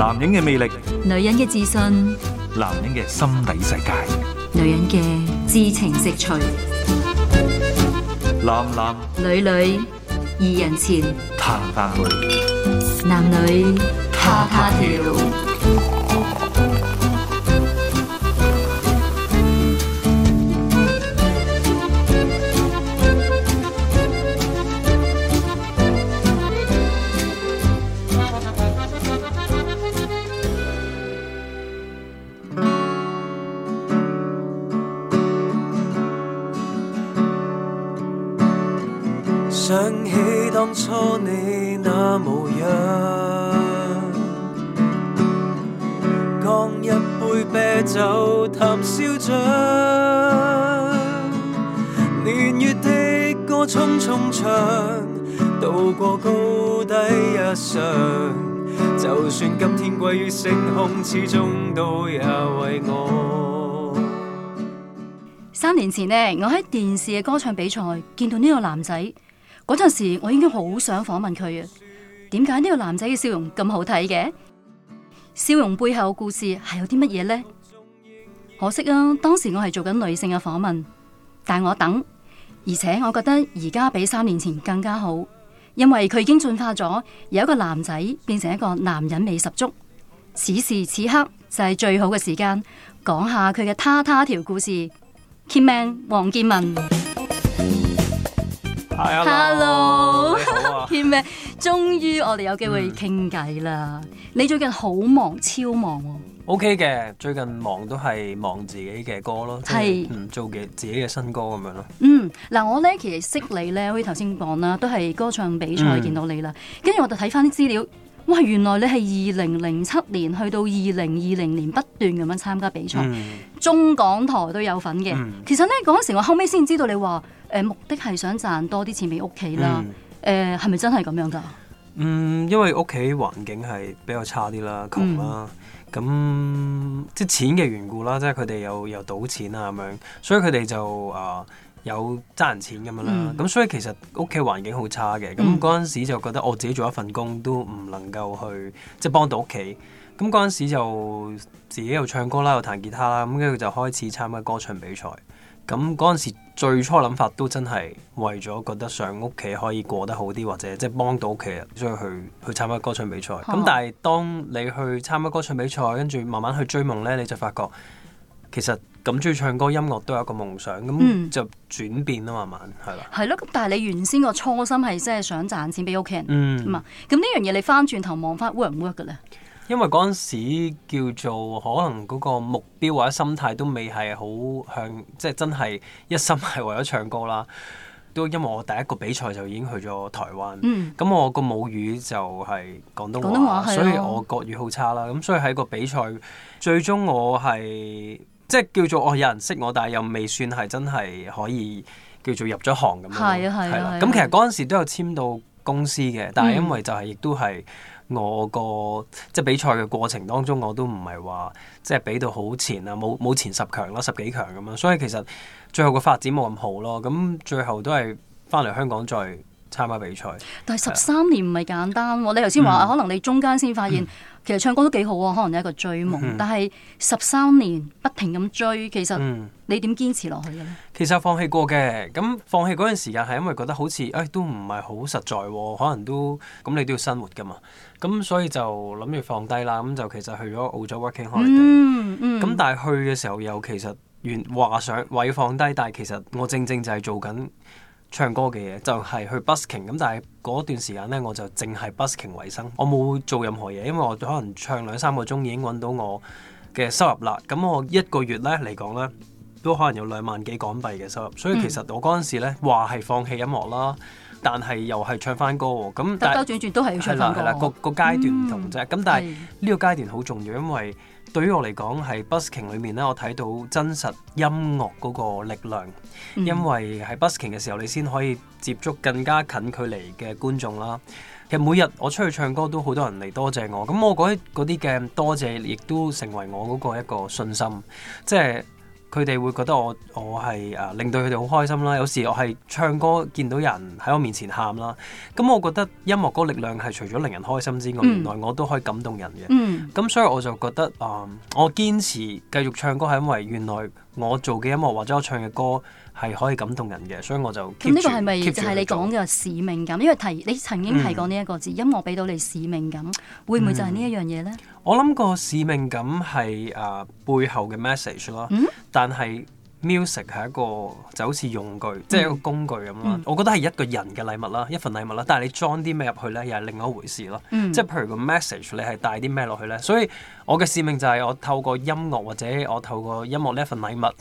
男人嘅魅力，女人嘅自信，男人嘅心底世界，女人嘅知情識趣，男男女女二人前談談去，彈彈彈男女他她調。女年月的歌匆匆唱，渡過高低就算今天於星空，始終都為我。三年前呢，我喺電視嘅歌唱比賽見到呢個男仔，嗰陣時我已經好想訪問佢啊！點解呢個男仔嘅笑容咁好睇嘅？笑容背後嘅故事係有啲乜嘢呢？可惜啊，當時我係做緊女性嘅訪問，但我等，而且我覺得而家比三年前更加好，因為佢已經進化咗，由一個男仔變成一個男人味十足。此時此刻就係最好嘅時間，講下佢嘅他他調故事。Kimman 黃劍文，Hello，Kimman 終於我哋有機會傾偈啦。嗯、你最近好忙，超忙。O K 嘅，最近忙都係忙自己嘅歌咯，係是做嘅自己嘅新歌咁樣咯。嗯，嗱，我咧其實識你咧，好似頭先講啦，都係歌唱比賽見到你啦，跟住、嗯、我就睇翻啲資料，哇，原來你係二零零七年去到二零二零年不斷咁樣參加比賽，嗯、中港台都有份嘅。嗯、其實咧嗰時我後尾先知道你話，誒、呃，目的係想賺多啲錢俾屋企啦。誒、嗯，係咪、呃、真係咁樣噶？嗯，因為屋企環境係比較差啲啦，窮啦。嗯咁即係錢嘅緣故啦，即係佢哋又又賭錢啊咁樣，所以佢哋就啊、呃、有爭人錢咁樣啦。咁、mm. 所以其實屋企環境好差嘅，咁嗰陣時就覺得我自己做一份工都唔能夠去即係幫到屋企。咁嗰陣時就自己又唱歌啦，又彈吉他啦，咁跟住就開始參加歌唱比賽。咁嗰陣時最初諗法都真係為咗覺得上屋企可以過得好啲，或者即係幫到屋企人，所以去去參加歌唱比賽。咁、啊、但係當你去參加歌唱比賽，跟住慢慢去追夢呢，你就發覺其實咁中意唱歌音樂都有一個夢想，咁就轉變啊慢慢。係啦、嗯。係咯吧，咁但係你原先個初心係真係想賺錢俾屋企人，嘛、嗯。咁呢樣嘢你翻轉頭望翻 work 唔 work 嘅？因為嗰陣時叫做可能嗰個目標或者心態都未係好向，即係真係一心係為咗唱歌啦。都因為我第一個比賽就已經去咗台灣，咁、嗯、我個母語就係廣東話，廣東話所以我國語好差啦。咁所以喺個比賽、嗯、最終我係即係叫做哦有人識我，但係又未算係真係可以叫做入咗行咁咯。係啦、嗯。咁其實嗰陣時都有簽到公司嘅，但係因為就係亦都係。嗯我個即係比賽嘅過程當中，我都唔係話即係比到好前啊，冇冇前十強囉，十幾強咁樣，所以其實最後個發展冇咁好咯。咁最後都係翻嚟香港再參加比賽，但係十三年唔係簡單喎。的你頭先話可能你中間先發現，嗯、其實唱歌都幾好喎。可能有一個追夢，嗯、但係十三年不停咁追，其實你點堅持落去嘅呢、嗯？其實放棄過嘅，咁放棄嗰陣時間係因為覺得好似，哎都唔係好實在喎。可能都咁，你都要生活噶嘛。咁所以就諗住放低啦。咁就其實去咗澳洲 working holiday 嗯。嗯，咁但係去嘅時候又其實原話想話要放低，但係其實我正正就係做緊。唱歌嘅嘢就係、是、去 busking 咁，但係嗰段時間呢，我就淨係 busking 為生，我冇做任何嘢，因為我可能唱兩三個鐘已經揾到我嘅收入啦。咁我一個月呢嚟講咧，都可能有兩萬幾港幣嘅收入。所以其實我嗰陣時呢話係放棄音樂啦，但係又係唱翻歌喎、哦。咁兜兜轉轉都係要唱翻歌。係啦係啦，個個階段唔同啫。咁、嗯、但係呢個階段好重要，因為。對於我嚟講喺 busking 裏面咧，我睇到真實音樂嗰個力量，因為喺 busking 嘅時候，你先可以接觸更加近距離嘅觀眾啦。其實每日我出去唱歌都好多人嚟多謝我，咁我覺得嗰啲嘅多謝亦都成為我嗰個一個信心，即係。佢哋會覺得我我係啊令到佢哋好開心啦，有時我係唱歌見到人喺我面前喊啦，咁、嗯、我覺得音樂嗰個力量係除咗令人開心之外，原來我都可以感動人嘅，咁、嗯、所以我就覺得啊，我堅持繼續唱歌係因為原來我做嘅音樂或者我唱嘅歌係可以感動人嘅，所以我就，咁呢個係咪就係你講嘅使命感？因為提你曾經提過呢一個字，嗯、音樂俾到你使命感，會唔會就係呢一樣嘢咧？我諗個使命感係啊、呃，背後嘅 message 咯，嗯、但係。Music 係一個就好似用具，嗯、即係一個工具咁啦。嗯、我覺得係一個人嘅禮物啦，一份禮物啦。但係你裝啲咩入去咧，又係另外一回事咯。嗯、即係譬如個 message，你係帶啲咩落去咧？所以我嘅使命就係我透過音樂或者我透過音樂呢一份禮物，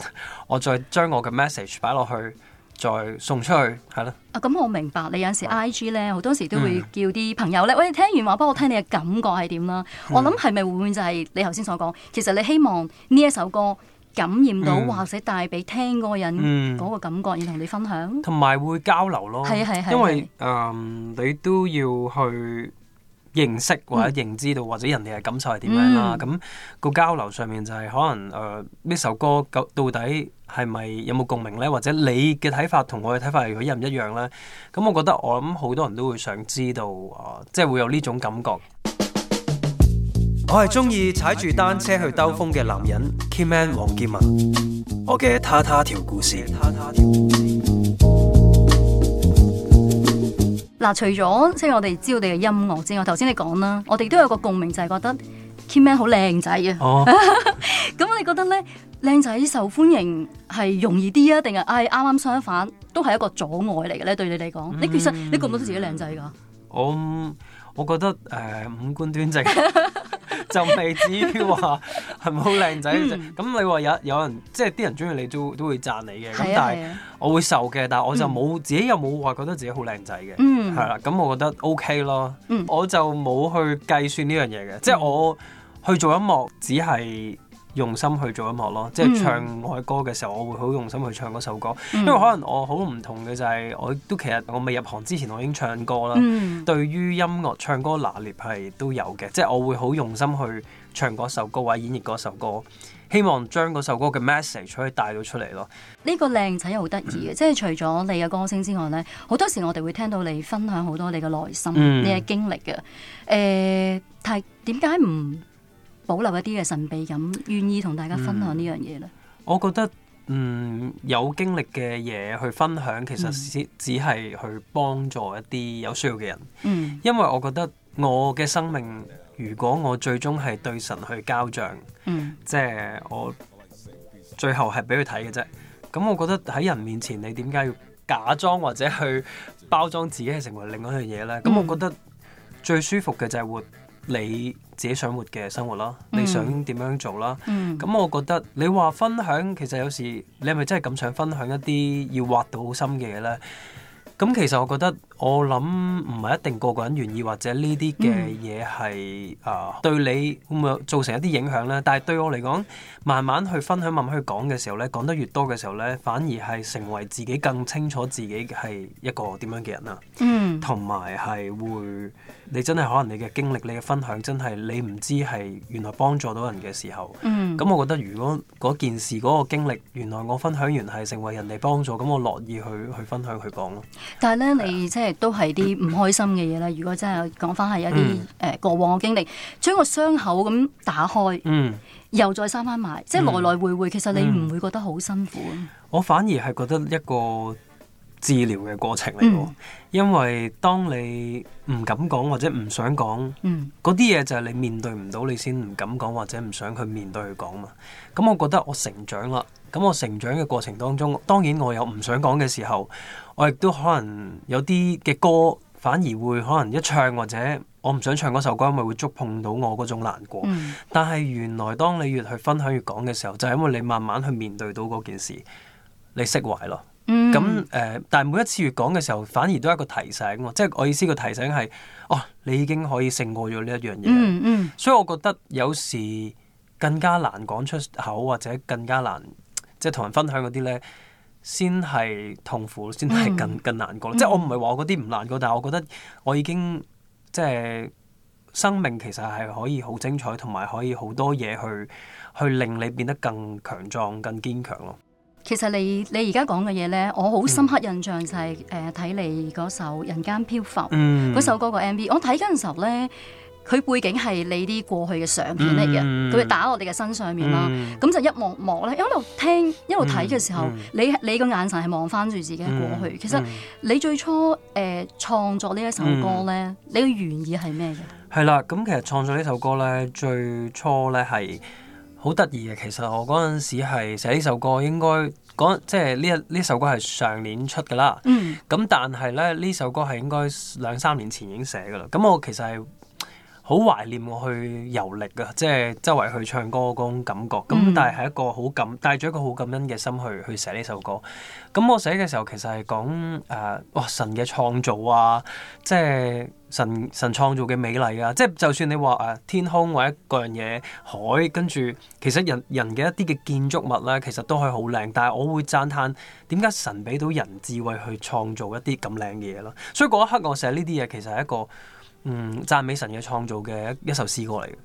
我再將我嘅 message 擺落去，再送出去，係咯。啊，咁我明白你有陣時 IG 咧，好多時都會叫啲朋友咧，嗯、喂，聽完話俾我聽你嘅感覺係點啦？我諗係咪會唔會就係你頭先所講？其實你希望呢一首歌。感染到，或者帶俾聽嗰個人嗰個感覺，要同你分享。同埋會交流咯，因為誒你都要去認識或者認知到，或者人哋嘅感受係點樣啦。咁個交流上面就係可能誒呢首歌到底係咪有冇共鳴呢？或者你嘅睇法同我嘅睇法係佢一唔一樣呢？咁我覺得我諗好多人都會想知道啊，即係會有呢種感覺。我係中意踩住單車去兜風嘅男人 Kimman 黃劍文。Ima, 我嘅他他調故事。嗱、啊，除咗即係我哋知道你嘅音樂之外，頭先你講啦，我哋都有個共鳴，就係、是、覺得 Kimman 好靚仔啊。咁、哦、 你覺得咧，靚仔受歡迎係容易啲啊，定係唉啱啱相反，都係一個阻礙嚟嘅咧？對你嚟講，嗯、你其實你覺唔覺得自己靚仔噶？我我覺得誒、呃，五官端正。 就未至於話係好靚仔嘅啫。咁你話有有人即係啲人中意你都都會讚你嘅。咁但係我會受嘅，但係我就冇自己又冇話覺得自己好靚仔嘅。係啦，oui，咁我覺得 OK 咯。我就冇去計算呢樣嘢嘅，即係、嗯、 我去做音樂只係。用心去做音樂咯，即係唱愛歌嘅時候，嗯、我會好用心去唱嗰首歌，嗯、因為可能我好唔同嘅就係，我都其實我未入行之前，我已經唱歌啦。嗯、對於音樂唱歌拿捏係都有嘅，即係我會好用心去唱嗰首歌或者演繹嗰首歌，希望將嗰首歌嘅 message 可以帶到出嚟咯。呢個靚仔又好得意嘅，嗯、即係除咗你嘅歌聲之外咧，好多時我哋會聽到你分享好多你嘅內心、嗯、你嘅經歷嘅。誒、呃，但點解唔？保留一啲嘅神秘感，願意同大家分享、嗯、呢樣嘢咧。我覺得，嗯，有經歷嘅嘢去分享，其實只只係去幫助一啲有需要嘅人。嗯，因為我覺得我嘅生命，如果我最終係對神去交帳，嗯，即係我最後係俾佢睇嘅啫。咁我覺得喺人面前，你點解要假裝或者去包裝自己，係成為另外一樣嘢咧？咁、嗯、我覺得最舒服嘅就係活你自己想活嘅生活啦，你想點樣做啦？咁、嗯、我覺得你話分享，其實有時你係咪真係咁想分享一啲要挖到好深嘅嘢呢？咁其實我覺得。我諗唔係一定個個人願意或者呢啲嘅嘢，係啊對你會唔會造成一啲影響咧。但係對我嚟講，慢慢去分享，慢慢去講嘅時候咧，講得越多嘅時候咧，反而係成為自己更清楚自己係一個點樣嘅人啦。嗯，同埋係會，你真係可能你嘅經歷，你嘅分享真係你唔知係原來幫助到人嘅時候。嗯，咁我覺得如果嗰件事嗰個經歷，原來我分享完係成為人哋幫助，咁我樂意去去分享去講咯。但係咧，的你即係。亦都係啲唔開心嘅嘢啦。如果真係講翻係一啲誒過往嘅經歷，將、嗯、個傷口咁打開，嗯，又再閂翻埋，嗯、即係來來回回，其實你唔會覺得好辛苦？我反而係覺得一個治療嘅過程嚟嘅，嗯、因為當你唔敢講或者唔想講，嗰啲嘢就係你面對唔到你，你先唔敢講或者唔想去面對去講嘛。咁我覺得我成長啦，咁我成長嘅過程當中，當然我有唔想講嘅時候。我亦都可能有啲嘅歌，反而會可能一唱或者我唔想唱嗰首歌，咪會觸碰到我嗰種難過。嗯、但係原來當你越去分享越講嘅時候，就係、是、因為你慢慢去面對到嗰件事，你釋懷咯。咁誒、嗯呃，但係每一次越講嘅時候，反而都係一個提醒，即係我意思個提醒係，哦，你已經可以勝過咗呢一樣嘢。嗯嗯、所以我覺得有時更加難講出口，或者更加難即係同人分享嗰啲咧先係痛苦，先係更更難過、mm hmm. 即係我唔係話嗰啲唔難過，mm hmm. 但係我覺得我已經即係生命其實係可以好精彩，同埋可以好多嘢去去令你變得更強壯、更堅強咯。其實你你而家講嘅嘢呢，我好深刻印象就係、是、睇、mm hmm. 呃、你嗰首《人間漂流》嗰、mm hmm. 首歌個 M V，我睇嗰陣時候呢。佢背景係你啲過去嘅相片嚟嘅，佢、嗯、會打我哋嘅身上面啦。咁就、嗯、一幕幕咧，一路聽一路睇嘅時候，嗯嗯、你你個眼神係望翻住自己嘅過去。嗯嗯、其實你最初誒、呃、創作呢一首歌咧，嗯、你嘅原意係咩嘅？係啦，咁其實創作呢首歌咧，最初咧係好得意嘅。其實我嗰陣時係寫呢首歌，應該即係呢一呢首歌係上年出㗎啦。嗯，咁但係咧呢首歌係應該兩三年前已經寫㗎啦。咁我其實係。好懷念我去遊歷啊，即係周圍去唱歌嗰種感覺。咁、嗯、但係係一個好感，帶咗一個好感恩嘅心去去寫呢首歌。咁我寫嘅時候其實係講誒，哇神嘅創造啊，即係神神創造嘅美麗啊。即係就算你話誒、呃、天空或者各樣嘢海，跟住其實人人嘅一啲嘅建築物咧，其實都係好靚。但係我會讚歎點解神俾到人智慧去創造一啲咁靚嘅嘢咯。所以嗰一刻我寫呢啲嘢，其實係一個。嗯，讚美神嘅創造嘅一一首詩歌嚟嘅，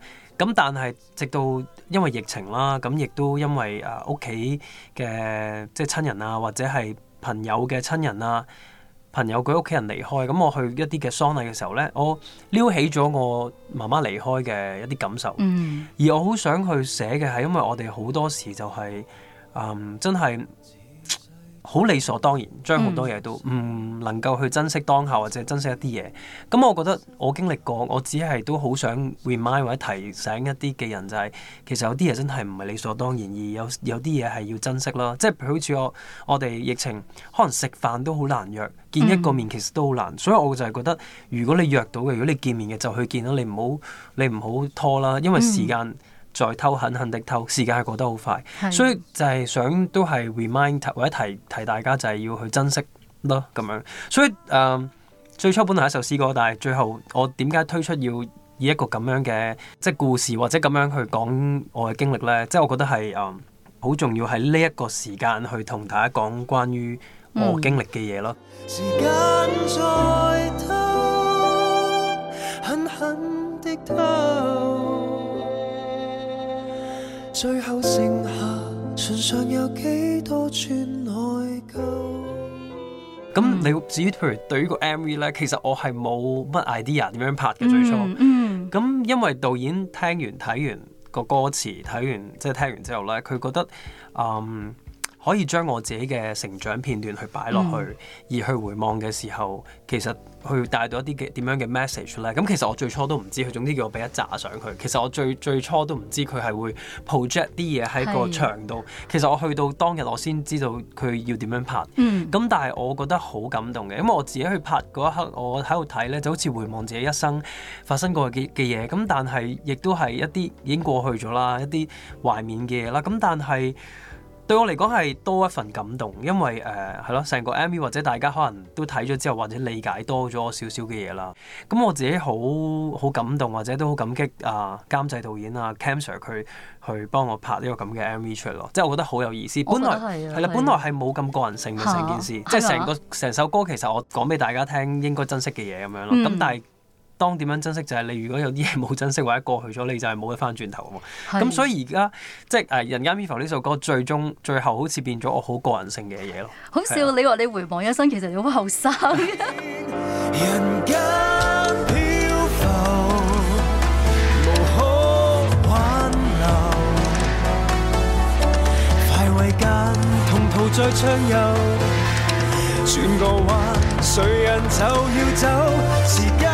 咁但係直到因為疫情啦，咁亦都因為啊屋企嘅即係親人啊，或者係朋友嘅親人啊，朋友佢屋企人離開，咁我去一啲嘅喪禮嘅時候呢，我撩起咗我媽媽離開嘅一啲感受，嗯，而我好想去寫嘅係因為我哋好多時就係，是嗯，真係。好理所當然，將好多嘢都唔能夠去珍惜當下，或者珍惜一啲嘢。咁我覺得我經歷過，我只係都好想 remind 或者提醒一啲嘅人，就係，就係其實有啲嘢真係唔係理所當然，而有有啲嘢係要珍惜啦。即係好似我我哋疫情，可能食飯都好難約，見一個面其實都好難。嗯、所以我就係覺得，如果你約到嘅，如果你見面嘅，就去見啦。你唔好你唔好拖啦，因為時間。嗯再偷，狠狠的偷，時間係過得好快，的所以就係想都係 remind 或者提提大家就係要去珍惜咯，咁樣。所以誒、呃，最初本嚟係一首詩歌，但係最後我點解推出要以一個咁樣嘅即係故事或者咁樣去講我嘅經歷呢？即係我覺得係誒好重要喺呢一個時間去同大家講關於我經歷嘅嘢咯。時間再偷，狠狠的偷。最後剩下唇上有幾多寸內疚？咁、嗯、你至於譬如對於個呢個 MV 咧，其實我係冇乜 idea 點樣拍嘅、嗯、最初。嗯，咁因為導演聽完睇完個歌詞，睇完即係聽完之後咧，佢覺得嗯可以將我自己嘅成長片段去擺落去，嗯、而去回望嘅時候，其實。去帶到一啲嘅點樣嘅 message 咧，咁其實我最初都唔知，佢總之叫我俾一紮上佢。其實我最最初都唔知佢係會 project 啲嘢喺個牆度。是的 其實我去到當日，我先知道佢要點樣拍。咁、嗯、但係我覺得好感動嘅，因為我自己去拍嗰一刻，我喺度睇咧，就好似回望自己一生發生過嘅嘅嘢。咁但係亦都係一啲已經過去咗啦，一啲懷緬嘅嘢啦。咁但係。對我嚟講係多一份感動，因為誒係咯，成、呃、個 MV 或者大家可能都睇咗之後，或者理解多咗少少嘅嘢啦。咁我自己好好感動，或者都好感激啊、呃、監製導演啊 Cam Sir 佢去，去幫我拍呢個咁嘅 MV 出嚟咯。即係我覺得好有意思，本來係啦的，本來係冇咁個人性嘅成件事，的即係成個成的首歌其實我講俾大家聽應該珍惜嘅嘢咁樣咯。咁、嗯、但係。當點樣珍惜就係、是、你，如果有啲嘢冇珍惜或者過去咗，你就係冇得翻轉頭。咁的、嗯、所以而家即係誒《uh, 人間漂流》呢、e、首歌，最終最後好似變咗我好個人性嘅嘢咯。好笑，的你話你回望一生，其實你好後生。人間漂浮，無可挽留。快慰間，同途再暢遊，轉個彎，誰人就要走？時間。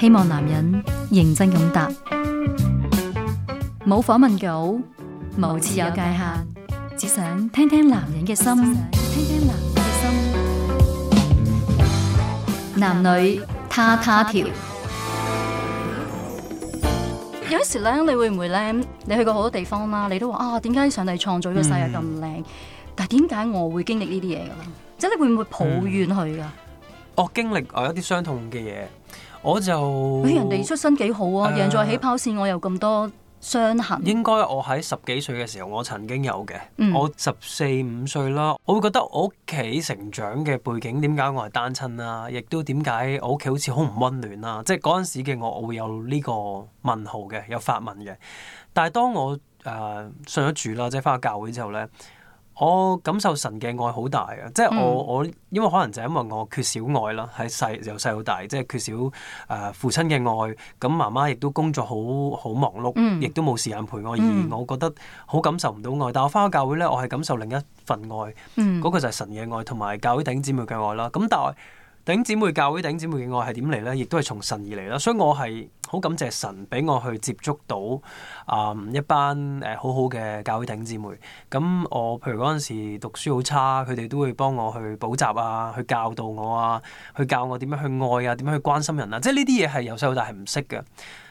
希望男人認真咁答，冇訪問稿，無自由界限，只想聽聽男人嘅心，聽聽男人嘅心。男女他她調，有啲時咧，你會唔會咧？你去過好多地方啦，你都話啊，點解上帝創造呢個世界咁靚？嗯、但係點解我會經歷呢啲嘢噶？即係你會唔會抱怨佢噶？我經歷我一啲傷痛嘅嘢。我就，人哋出身幾好啊，贏、呃、在起跑線，我有咁多傷痕。應該我喺十幾歲嘅時候，我曾經有嘅，嗯、我十四五歲啦，我會覺得我屋企成長嘅背景，點解我係單親啊？亦都點解我屋企好似好唔温暖啊？即係嗰陣時嘅我，我會有呢個問號嘅，有發問嘅。但係當我誒信咗主啦，即係翻去教會之後呢。我感受神嘅愛好大啊！即係我、嗯、我，因為可能就因為我缺少愛啦，喺細由細到大，即係缺少誒、呃、父親嘅愛，咁媽媽亦都工作好好忙碌，亦、嗯、都冇時間陪我，嗯、而我覺得好感受唔到愛。但我翻到教會咧，我係感受另一份愛，嗰、嗯、個就係神嘅愛同埋教會頂姊妹嘅愛啦。咁但係，弟兄姊妹教會弟兄姊妹嘅愛係點嚟呢？亦都係從神而嚟啦，所以我係好感謝神俾我去接觸到啊、嗯、一班誒、呃、好好嘅教會弟兄姊妹。咁我譬如嗰陣時讀書好差，佢哋都會幫我去補習啊，去教導我啊，去教我點樣去愛啊，點樣去關心人啊。即係呢啲嘢係由細到大係唔識嘅。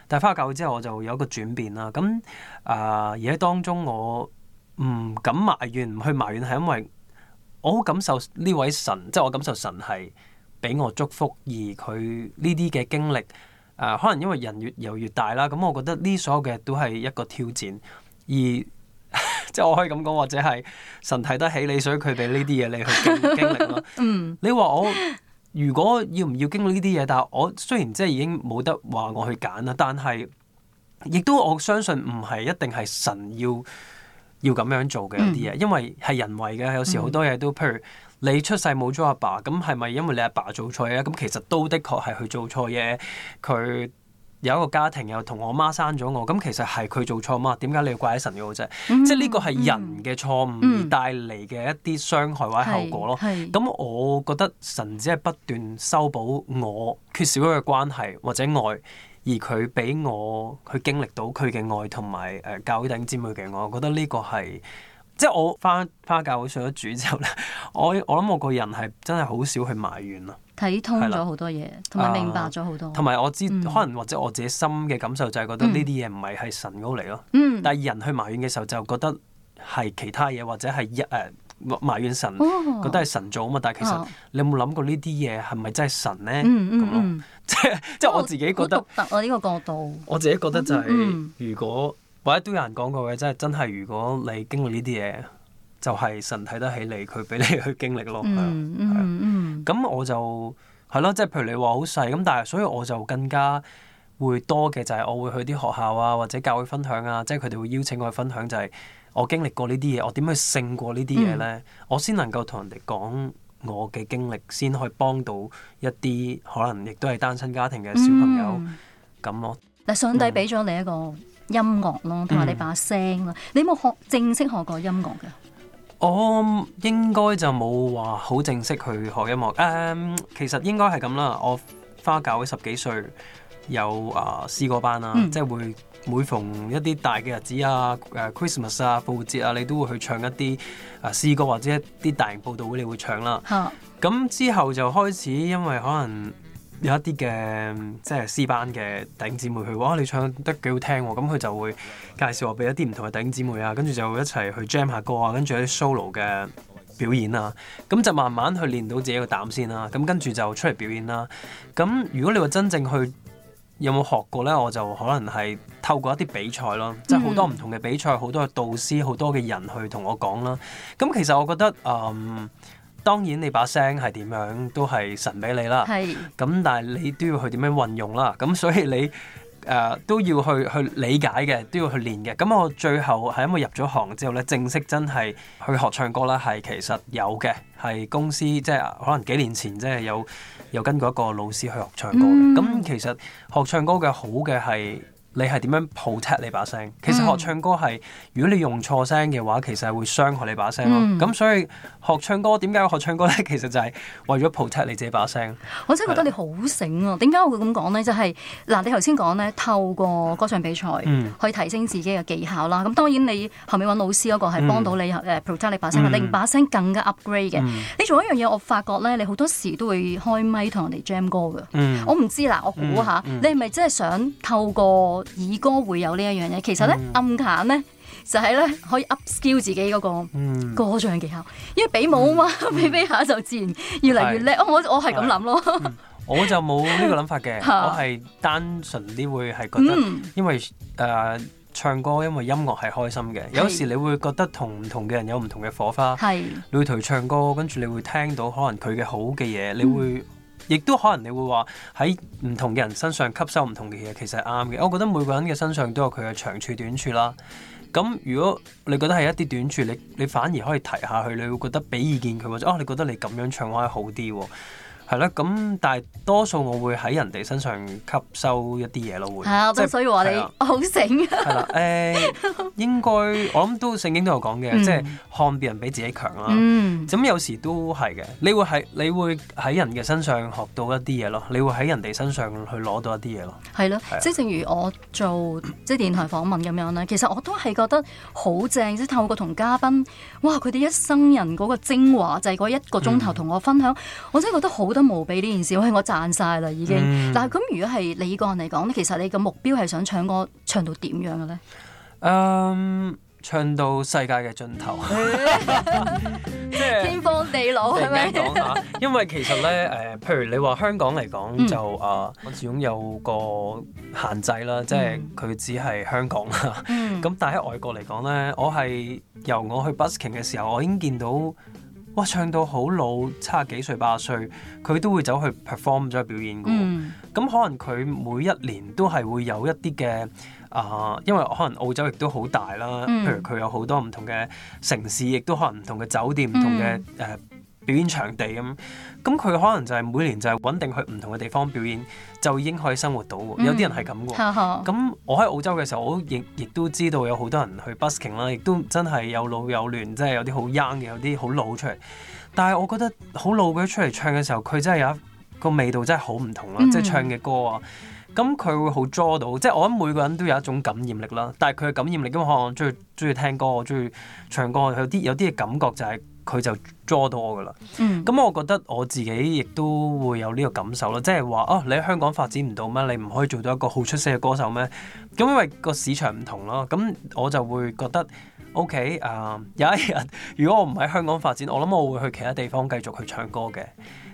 但係翻去教會之後，我就有一個轉變啦。咁、呃、而喺當中，我唔敢埋怨，唔去埋怨，係因為我好感受呢位神，即係我感受神係，俾我祝福，而佢呢啲嘅經歷，誒、呃，可能因為人越由越大啦，咁我覺得呢所有嘅都係一個挑戰，而呵呵即係我可以咁講，或者係神睇得起你，所以佢俾呢啲嘢你去經歷咯。嗯 你話我如果要唔要經歷呢啲嘢？但係我雖然即係已經冇得話我去揀啦，但係亦都我相信唔係一定係神要要咁樣做嘅一啲嘢，因為係人為嘅，有時好多嘢都譬如。你出世冇咗阿爸，咁係咪因為你阿爸做錯嘢？咁其實都的確係佢做錯嘢。佢有一個家庭，又同我媽生咗我，咁其實係佢做錯嘛？點解你要怪喺神嘅啫？嗯、即係呢個係人嘅錯誤而帶嚟嘅一啲傷害或者後果咯。咁我覺得神只係不斷修補我缺少咗嘅關係或者愛，而佢俾我去經歷到佢嘅愛同埋誒教誨弟兄姊妹嘅我，覺得呢個係。即係我返返教會上咗主之後咧，我我諗我個人係真係好少去埋怨咯、啊，睇通咗好多嘢，同埋的明白咗好多。同埋、啊、我知、嗯、可能或者我自己心嘅感受就係覺得呢啲嘢唔係係神嗰嚟咯。嗯、但係人去埋怨嘅時候就覺得係其他嘢或者係一誒埋怨神，哦、覺得係神做啊嘛。但係其實你有冇諗過是是呢啲嘢係咪真係神咧？咁嗯，即係即係我自己覺得我呢個角度，我自己覺得就係如果。嗯嗯嗯嗯嗯嗯嗯或者都有人講過嘅，真係真係如果你經歷呢啲嘢，就係、是、神睇得起你，佢俾你去經歷咯。咁、嗯嗯、我就係咯，即係譬如你話好細咁，但係所以我就更加會多嘅就係，我會去啲學校啊，或者教會分享啊，即係佢哋會邀請我去分享，就係我經歷過呢啲嘢，我點去勝過呢啲嘢呢？嗯、我先能夠同人哋講我嘅經歷，先可以幫到一啲可能亦都係單親家庭嘅小朋友咁咯。嗱、嗯，上帝俾咗你一個。音樂咯，同埋你把聲咯，嗯、你有冇學正式學過音樂嘅？我、嗯、應該就冇話好正式去學音樂。嗯，其實應該係咁啦。我花教會十幾歲有啊、呃、詩歌班啦、啊，嗯、即係會每逢一啲大嘅日子啊，誒、呃、Christmas 啊、復活節啊，你都會去唱一啲啊詩歌，或者一啲大型佈道會你會唱啦。咁哈之後就開始因為可能。有一啲嘅即係 C 班嘅弟兄姊妹，佢話：你唱得幾好聽喎！咁佢就會介紹我俾一啲唔同嘅弟兄姊妹啊，跟住就會一齊去 jam 下歌啊，跟住有啲 solo 嘅表演啊，咁就慢慢去練到自己個膽先啦。咁跟住就出嚟表演啦。咁如果你話真正去有冇學過呢？我就可能係透過一啲比賽咯，即係好多唔同嘅比賽，好多嘅導師，好多嘅人去同我講啦。咁其實我覺得，嗯當然你把聲係點樣都係神俾你啦，咁是但係你都要去點樣運用啦，咁所以你誒、呃、都要去去理解嘅，都要去練嘅。咁我最後係因為入咗行之後咧，正式真係去學唱歌啦，係其實有嘅，係公司即係、就是、可能幾年前即係、就是、有有跟過一個老師去學唱歌嘅咁、嗯、其實學唱歌嘅好嘅係。你係點樣 protect 你把聲？其實學唱歌係，如果你用錯聲嘅話，其實係會傷害你把聲咯。咁、嗯、所以學唱歌，點解學唱歌咧？其實就係為咗 protect 你自己把聲。我真係覺得你好醒啊！點解的我會咁講咧？就係、是、嗱，你頭先講咧，透過歌唱比賽去提升自己嘅技巧啦。咁、嗯、當然你後面揾老師嗰個係幫到你誒 protect、嗯、你把聲，令把聲更加 upgrade 嘅、嗯。你做一樣嘢，我發覺咧，你好多時都會開咪同人哋 jam 歌嘅、嗯。我唔知嗱，我估下，你係咪真係想透過？耳歌會有呢一樣嘢，其實咧暗淡咧就係咧可以 upskill 自己嗰個歌唱技巧，因為比武啊嘛，比比下就自然越嚟越叻。我我係咁諗咯，我就冇呢個諗法嘅，我係單純啲會係覺得，因為誒唱歌，因為音樂係開心嘅，有時你會覺得同唔同嘅人有唔同嘅火花，係同佢唱歌，跟住你會聽到可能佢嘅好嘅嘢，你會。亦都可能你會話喺唔同嘅人身上吸收唔同嘅嘢，其實係啱嘅。我覺得每個人嘅身上都有佢嘅長處短處啦。咁、嗯、如果你覺得係一啲短處，你你反而可以提下去，你會覺得俾意見佢或者哦、啊，你覺得你咁樣唱話好啲、哦。係啦，咁但係多數我會喺人哋身上吸收一啲嘢咯，會、啊、即係所以話你好醒。係啦的，誒應該我諗都聖經都有講嘅，即係、嗯、看別人比自己強啦。咁、嗯、有時都係嘅，你會喺你會喺人嘅身上學到一啲嘢咯，你會喺人哋身上去攞到一啲嘢咯。係咯，即正如我做即係、就是、電台訪問咁樣咧，其實我都係覺得好正，即、就是、透過同嘉賓，哇！佢哋一生人嗰個精華就係嗰一個鐘頭同我分享，我真係覺得好多。都無比呢件事，哎、我係我賺晒啦已經。嗯、但係咁，如果係你個人嚟講，其實你嘅目標係想唱歌唱到點樣嘅咧？誒，um, 唱到世界嘅盡頭，即 係、 就是、天荒地老係咪？因為其實咧誒、呃，譬如你話香港嚟講 就、呃、我始終有個限制啦， 即係佢只係香港啦。咁 但係喺外國嚟講咧，我係由我去 busking 嘅時候，我已經見到。哇！唱到好老，七十幾歲、八十歲，佢都會走去 perform 咗表演嘅。咁、嗯嗯、可能佢每一年都係會有一啲嘅啊，因為可能澳洲亦都好大啦。譬如佢有好多唔同嘅城市，亦都可能唔同嘅酒店、唔、嗯、同嘅誒。呃表演場地咁，咁佢可能就係每年就係穩定去唔同嘅地方表演，就已經可以生活到喎。嗯、有啲人係咁喎。咁、嗯、我喺澳洲嘅時候，我亦亦都知道有好多人去 busking 啦，亦都真係有老有嫩，即係有啲好 young 嘅，有啲好老出嚟。但係我覺得好老嘅出嚟唱嘅時候，佢真係有一個味道真係好唔同啦，嗯、即係唱嘅歌啊。咁佢會好抓到，即係我諗每個人都有一種感染力啦。但係佢嘅感染力，因為我可能我中意中意聽歌，我中意唱歌，有啲有啲嘅感覺就係、係。佢就捉到我㗎喇，咁、嗯、我覺得我自己亦都會有呢個感受咯，即係話哦，你喺香港發展唔到咩？你唔可以做到一個好出色嘅歌手咩？咁因為個市場唔同咯，咁我就會覺得 OK 啊、uh。有一日如果我唔喺香港發展，我諗我會去其他地方繼續去唱歌嘅。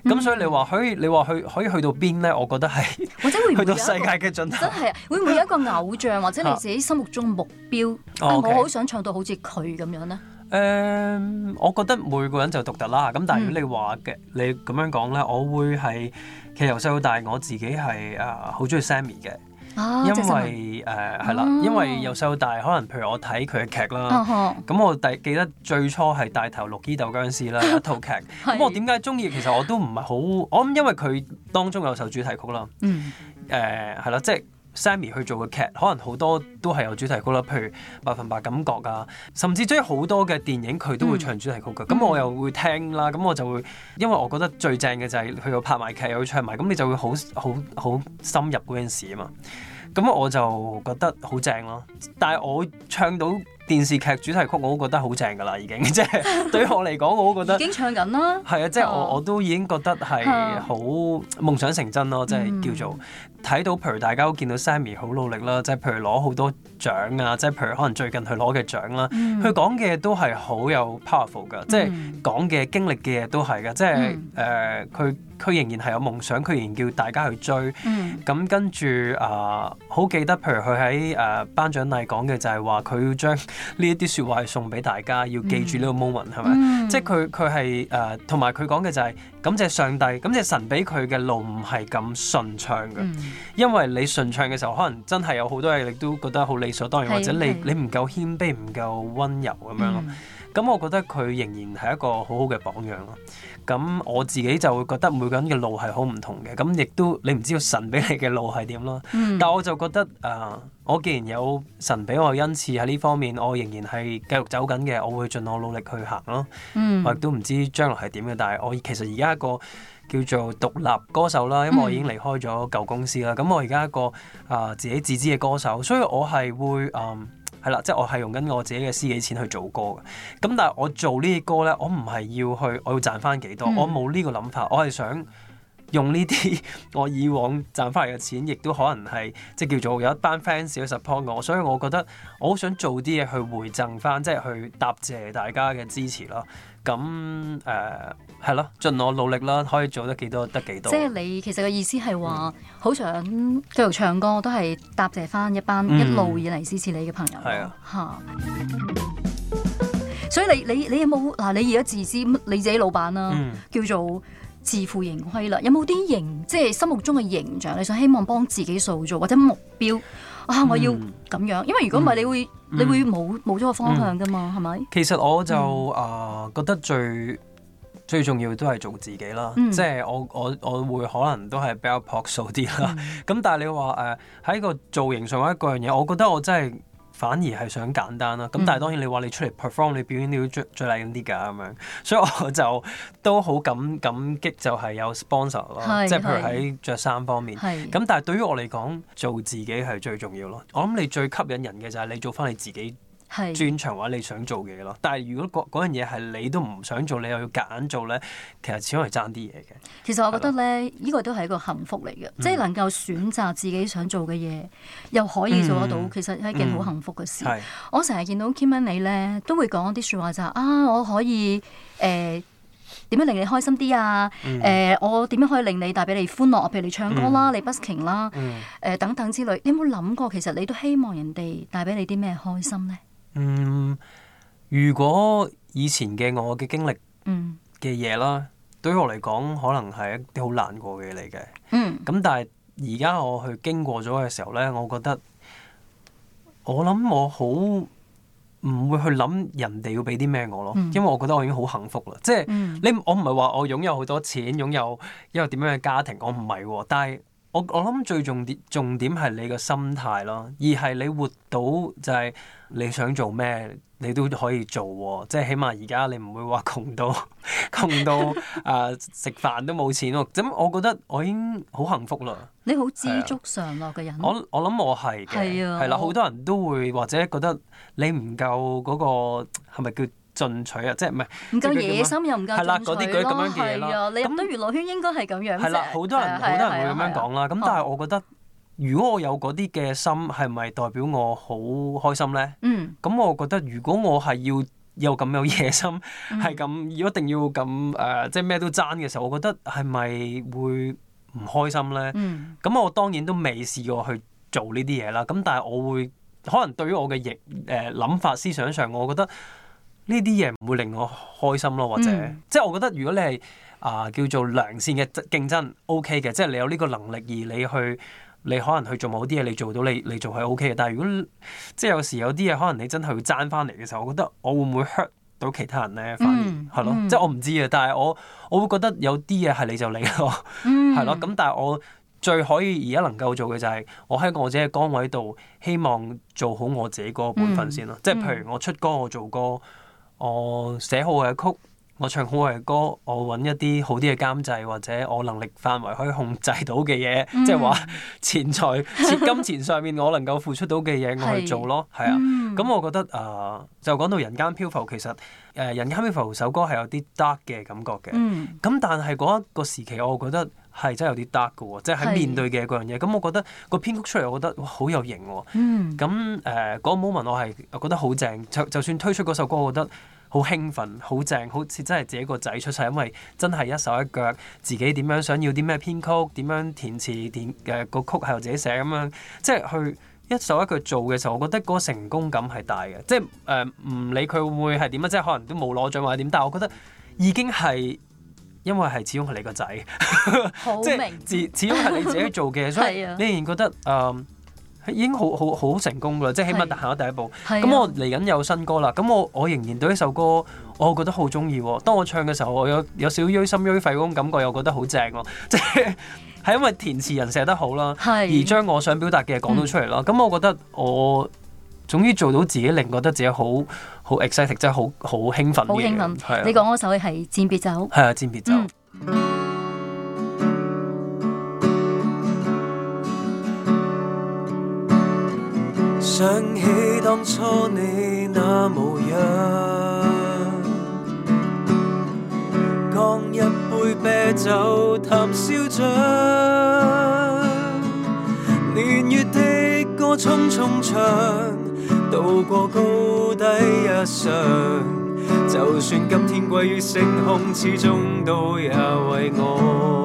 咁、嗯、所以你話可以，你話去可以去到邊呢？我覺得係 或者會去到世界嘅盡頭，真係 會唔會有一個偶像 或者你自己心目中目標？哦 okay、我好想唱到好似佢咁樣呢。誒，um, 我覺得每個人就獨特啦。咁但係如果你話嘅，嗯、你咁樣講咧，我會係其實由細到大我自己係、uh, 啊，好中意 Sammy 嘅，因為誒係啦，啊、因為由細到大可能譬如我睇佢嘅劇啦，咁、啊、哈我第記得最初係大頭綠衣鬥殭屍啦 一套劇，咁 是我點解中意？其實我都唔係好，我諗因為佢當中有首主題曲啦，誒係啦，即係。Sammy 去做嘅劇，可能好多都係有主題曲啦，譬如百分百感覺啊，甚至追好多嘅電影，佢都會唱主題曲㗎。咁、嗯、我又會聽啦，咁、嗯、我就會，因為我覺得最正嘅就係佢有拍埋劇，有唱埋，咁你就會好好好深入嗰陣時啊嘛。咁我就覺得好正咯。但係我唱到電視劇主題曲，我都覺得好正噶啦，已經即係 對於我嚟講，我都覺得已經唱緊啦。係啊，即係我我都已經覺得係好夢想成真咯，即係叫做。嗯嗯睇到，譬如大家都見到 Sammy 好努力啦，即係譬如攞好多獎啊，即係譬如可能最近佢攞嘅獎啦。佢講嘅都係好有 powerful 嘅，即係講嘅經歷嘅嘢都係嘅，即係誒，佢佢仍然係有夢想，佢仍然叫大家去追。咁、mm. 跟住啊，好、呃、記得，譬如佢喺誒頒獎禮講嘅就係話，佢要將呢一啲説話係送俾大家，要記住呢個 moment 係咪？即係佢佢係誒，同埋佢講嘅就係、是。感謝上帝，感謝神俾佢嘅路唔係咁順暢嘅，嗯、因為你順暢嘅時候，可能真係有好多嘢你都覺得好理所當然，或者你是是你唔夠謙卑，唔夠溫柔咁樣咯。嗯嗯。咁我覺得佢仍然係一個好好嘅榜樣咯。咁我自己就會覺得每個人嘅路係好唔同嘅。咁亦都你唔知道神俾你嘅路係點咯。嗯、但我就覺得啊、呃，我既然有神俾我恩賜喺呢方面，我仍然係繼續走緊嘅。我會盡我努力去行咯。嗯、我亦都唔知將來係點嘅。但係我其實而家一個叫做獨立歌手啦，因為我已經離開咗舊公司啦。咁我而家一個啊、呃、自己自資嘅歌手，所以我係會嗯。呃係啦，即係我係用緊我自己嘅私己錢去做歌嘅，咁但係我做呢啲歌呢，我唔係要去，我要賺翻幾多，嗯、我冇呢個諗法，我係想用呢啲我以往賺翻嚟嘅錢，亦都可能係即係叫做有一班 fans 去 support 我，所以我覺得我好想做啲嘢去回贈翻，即係去答謝大家嘅支持咯，咁誒。Uh, 係咯，盡我努力啦，可以做得幾多得幾多。即係你其實嘅意思係話，好想繼續唱歌，都係答謝翻一班一路以來支持你嘅朋友。係啊，嚇。所以你你你有冇嗱？你而家自知你自己老闆啦，叫做自負盈虧啦。有冇啲形即係心目中嘅形象？你想希望幫自己塑造或者目標啊？我要咁樣，因為如果唔係，你會你會冇冇咗個方向㗎嘛？係咪？其實我就啊覺得最。最重要都係做自己啦，嗯、即係我我我會可能都係比較樸素啲啦。咁、嗯、但係你話誒喺個造型上或者各樣嘢，我覺得我真係反而係想簡單啦。咁、嗯、但係當然你話你出嚟 perform 你表演你要最最靚啲噶咁樣，所以我就都好感感激就係有 sponsor 咯，是即係譬如喺着衫方面。咁是但係對於我嚟講，做自己係最重要咯。我諗你最吸引人嘅就係你做翻你自己。是轉場嘅話，你想做嘅嘢咯。但係如果嗰樣嘢係你都唔想做，你又要夾硬做咧，其實始終係爭啲嘢嘅。其實我覺得咧，呢個都係一個幸福嚟嘅，嗯、即係能夠選擇自己想做嘅嘢，嗯、又可以做得到，其實係一件好幸福嘅事。嗯嗯、我成日見到 Kimman 你咧，都會講啲説話就係、是、啊，我可以誒點、呃、樣令你開心啲啊？誒、嗯呃，我點樣可以令你帶俾你歡樂？譬如你唱歌啦，嗯、你 busking 啦，誒、嗯呃、等等之類。你有冇諗過其實你都希望人哋帶俾你啲咩開心咧？嗯，如果以前嘅我嘅經歷嘅嘢啦，嗯、對於我嚟講，可能係一啲好難過嘅嘢嚟嘅。咁、嗯、但係而家我去經過咗嘅時候呢，我覺得我諗我好唔會去諗人哋要俾啲咩我咯，嗯、因為我覺得我已經好幸福啦。嗯、即係你我唔係話我擁有好多錢，擁有一個點樣嘅家庭，我唔係、哦。但係我我諗最重點，重點係你個心態咯，而係你活到就係、是。你想做咩？你都可以做，即係起碼而家你唔會話窮到窮到啊，食飯都冇錢咯。咁我覺得我已經好幸福啦。你好知足常樂嘅人。我我諗我係係啊，係啦，好多人都會或者覺得你唔夠嗰個係咪叫進取啊？即係唔係唔夠野心又唔夠進取咯？係啊，你諗到娛樂圈應該係咁樣。係啦，好多人好多人會咁樣講啦。咁但係我覺得。如果我有嗰啲嘅心，係咪代表我好開心呢？嗯。咁我覺得，如果我係要有咁有野心，係咁，如、嗯、一定要咁誒、呃，即係咩都爭嘅時候，我覺得係咪會唔開心呢？嗯。咁我當然都未試過去做呢啲嘢啦。咁但係我會，可能對於我嘅認諗法、思想上，我覺得呢啲嘢唔會令我開心咯。或者，嗯、即係我覺得，如果你係啊、呃、叫做良性嘅競爭，O K 嘅，即係你有呢個能力而你去。你可能去做某啲嘢，你做到你你做係 OK 嘅，但係如果即係有時有啲嘢可能你真係要爭翻嚟嘅時候，我覺得我會唔會 hurt 到其他人咧？反而係、嗯、咯，嗯、即係我唔知嘅，但係我我會覺得有啲嘢係你就你、嗯、咯，係咯，咁但係我最可以而家能夠做嘅就係我喺我自己嘅崗位度，希望做好我自己嗰個本分先咯。嗯、即係譬如我出歌，我做歌，我寫好嘅曲。我唱好嘅歌，我揾一啲好啲嘅監製，或者我能力範圍可以控制到嘅嘢，即係話錢財、錢金錢上面我能夠付出到嘅嘢，我去做咯，係是啊。咁、嗯、我覺得誒、呃，就講到人、呃《人間漂流》，其實誒《人間漂流》首歌係有啲 dark 嘅感覺嘅。嗯。咁但係嗰一個時期，我覺得係真係有啲 dark 嘅喎，即係喺面對嘅嗰樣嘢。咁是我覺得個編曲出嚟，我覺得好有型喎、哦。嗯。咁誒、嗯，嗰、呃那個 moment 我係覺得好正，就就算推出嗰首歌，我覺得。好興奮，好正，好似真係自己個仔出世，因為真係一手一腳，自己點樣想要啲咩編曲，點樣填詞，填誒個、呃、曲係由自己寫咁樣，即係去一手一腳做嘅時候，我覺得嗰個成功感係大嘅，即係誒唔理佢會唔會係點啊，即係可能都冇攞獎或者點，但係我覺得已經係因為係始終係你個仔， 明 即係自始終係你自己做嘅， 啊、所以你仍然覺得誒。呃已經好好好成功㗎，即係起碼行咗第一步。咁、啊、我嚟緊有新歌啦，咁我我仍然對呢首歌我覺得好中意。當我唱嘅時候，我有有少淤心淤肺嗰種感覺，又覺得好正喎。即係 因為填詞人寫得好啦，啊、而將我想表達嘅嘢講到出嚟咯。咁、嗯、我覺得我終於做到自己，令覺得自己好好 exciting，即係好好興奮嘅嘢。啊、你講嗰首係《餞別酒》？係啊，《餞別酒》嗯。想起當初你那模樣，乾一杯啤酒談笑着，年月的歌匆匆唱，度過高低日常。就算今天歸於星空，始終都也為我。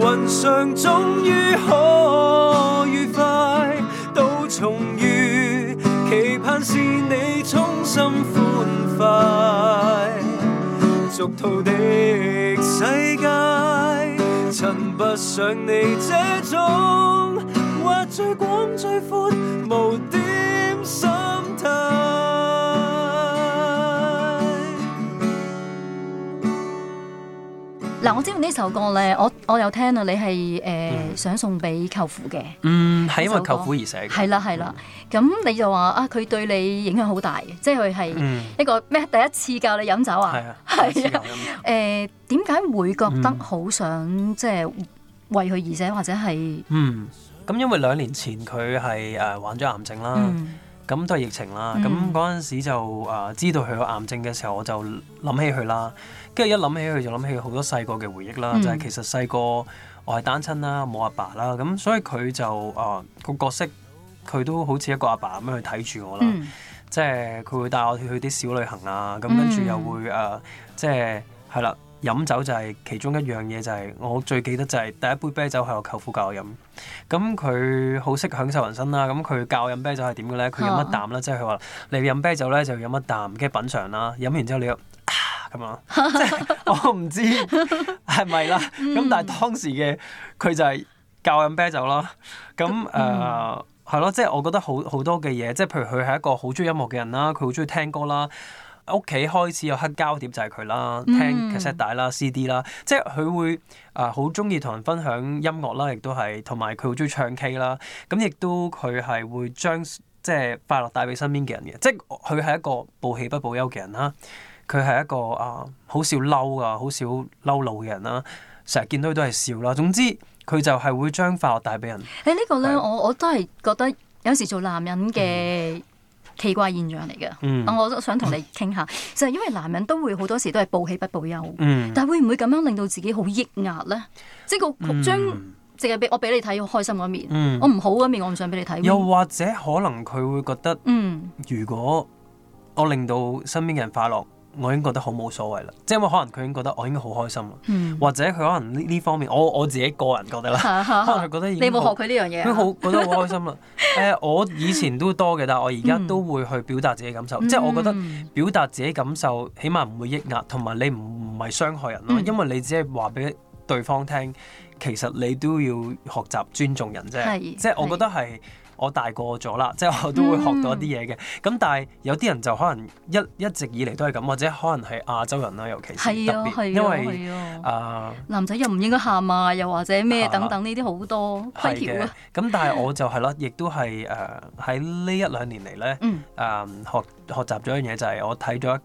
雲上終於可愉快到重遇，期盼是你衷心歡快。俗套的世界襯不上你這種或最廣最闊無點心。嗱、嗯，我知呢首歌咧，我我有聽啦。你係誒、呃嗯、想送俾舅父嘅？嗯，係因為舅父而寫。係啦，係啦。咁、嗯、你就話啊，佢對你影響好大嘅，即係佢係一個咩？第一次教你飲酒啊？係啊、嗯。係啊的。誒，點解、 呃、會覺得好想即係、嗯、為佢而寫，或者係？嗯，咁因為兩年前佢係誒患咗癌症啦，咁都係疫情啦。咁嗰陣時就啊，知道佢有癌症嘅時候，我就諗起佢啦。跟住一諗起佢就諗起好多細個嘅回憶啦，嗯、就係其實細個我係單親啦，冇阿爸，爸啦，咁所以佢就啊、呃、個角色佢都好似一個阿爸咁樣去睇住我啦，嗯、即係佢會帶我去去啲小旅行啊，咁跟住又會誒、嗯啊，即係係啦，飲酒就係其中一樣嘢，就係我最記得就係第一杯啤酒係我舅父教我飲，咁佢好識享受人生啦，咁佢教我飲啤酒係點嘅咧，佢飲一啖、嗯就是、啦，即係佢話你飲啤酒咧就飲一啖，跟住品嚐啦，飲完之後你咁啊，即係我唔知係咪啦。咁但係當時嘅佢就係教飲啤酒啦。咁誒係咯，即係、嗯呃就是、我覺得好好多嘅嘢，即係譬如佢係一個好中意音樂嘅人啦，佢好中意聽歌啦。屋企開始有黑膠碟就係佢啦，聽卡式帶啦，CD 啦。即係佢會誒好中意同人分享音樂啦，亦都係同埋佢好中意唱 K 啦。咁、嗯、亦都佢係會將即係快樂帶俾身邊嘅人嘅。即係佢係一個報喜不報憂嘅人啦。.佢係一個啊，好少嬲噶，好少嬲怒嘅人啦。成日見到佢都係笑啦。總之，佢就係會將快樂帶俾人。誒、欸，這個、呢個咧是，我我都係覺得有時做男人嘅奇怪現象嚟嘅。嗯、我都想同你傾下，嗯、就係因為男人都會好多時都係報喜不報憂。嗯、但係會唔會咁樣令到自己好抑壓咧？即係個將淨係俾我俾、嗯、你睇開心嗰面、嗯、面。我唔好嗰面我唔想俾你睇。又或者可能佢會覺得，嗯，如果我令到身邊嘅人快樂。我已經覺得好冇所謂啦，即係因為可能佢已經覺得我已經好開心啦，嗯、或者佢可能呢呢方面，我我自己個人覺得啦，啊、可能佢覺得你冇學佢呢樣嘢好、啊、覺得好開心啦。誒、 欸，我以前都多嘅，但係我而家都會去表達自己感受，嗯、即係我覺得表達自己感受，起碼唔會抑壓，同埋你唔唔係傷害人咯，嗯、因為你只係話俾對方聽，其實你都要學習尊重人啫，即係我覺得係。我大個咗啦，即係我都會學到一啲嘢嘅。咁、嗯、但係有啲人就可能一一直以嚟都係咁，或者可能係亞洲人啦，尤其是，是、啊、特別，啊啊、因為啊，uh，男仔又唔應該喊啊，又或者咩等等呢啲好多規條啊。咁但係我就係咯，亦都係誒喺呢一兩年嚟咧，誒、 uh，學學習咗一樣嘢，就係、是、我睇咗一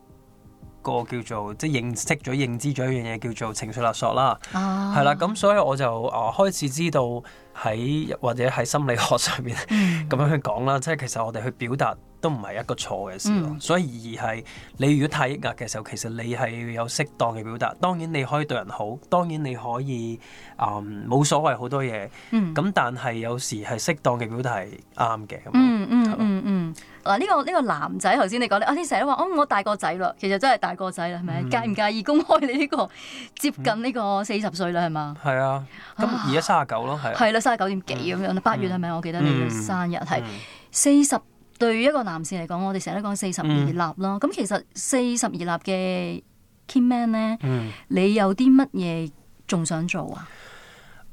個叫做即係認識咗、認知咗一樣嘢叫做情緒勒索啦。係啦、啊，咁 所以我就啊開始知道。喺或者喺心理學上面 噉樣去講啦，即係其實我哋去表達，都唔係一個錯嘅事咯，嗯、所以而係你如果太抑壓嘅時候，其實你係有適當嘅表達。當然你可以對人好，當然你可以啊冇、嗯、所謂好多嘢。咁、嗯、但係有時係適當嘅表達係啱嘅。嗯嗱呢吧、嗯嗯啊這個呢、這個男仔頭先你講咧，阿成日都話我大個仔啦，其實真係大個仔啦，係咪、嗯、介唔介意公開你呢、這個接近呢個四十歲啦，係嘛？係、嗯嗯、啊，咁而家三十九咯，係係啦，三十九點幾咁樣，八月係咪？嗯嗯、我記得呢個生日係四十。對於一個男士嚟講，我哋成日都講四十而立咯。咁、嗯、其實四十而立嘅 Kimman 咧，嗯、你有啲乜嘢仲想做啊？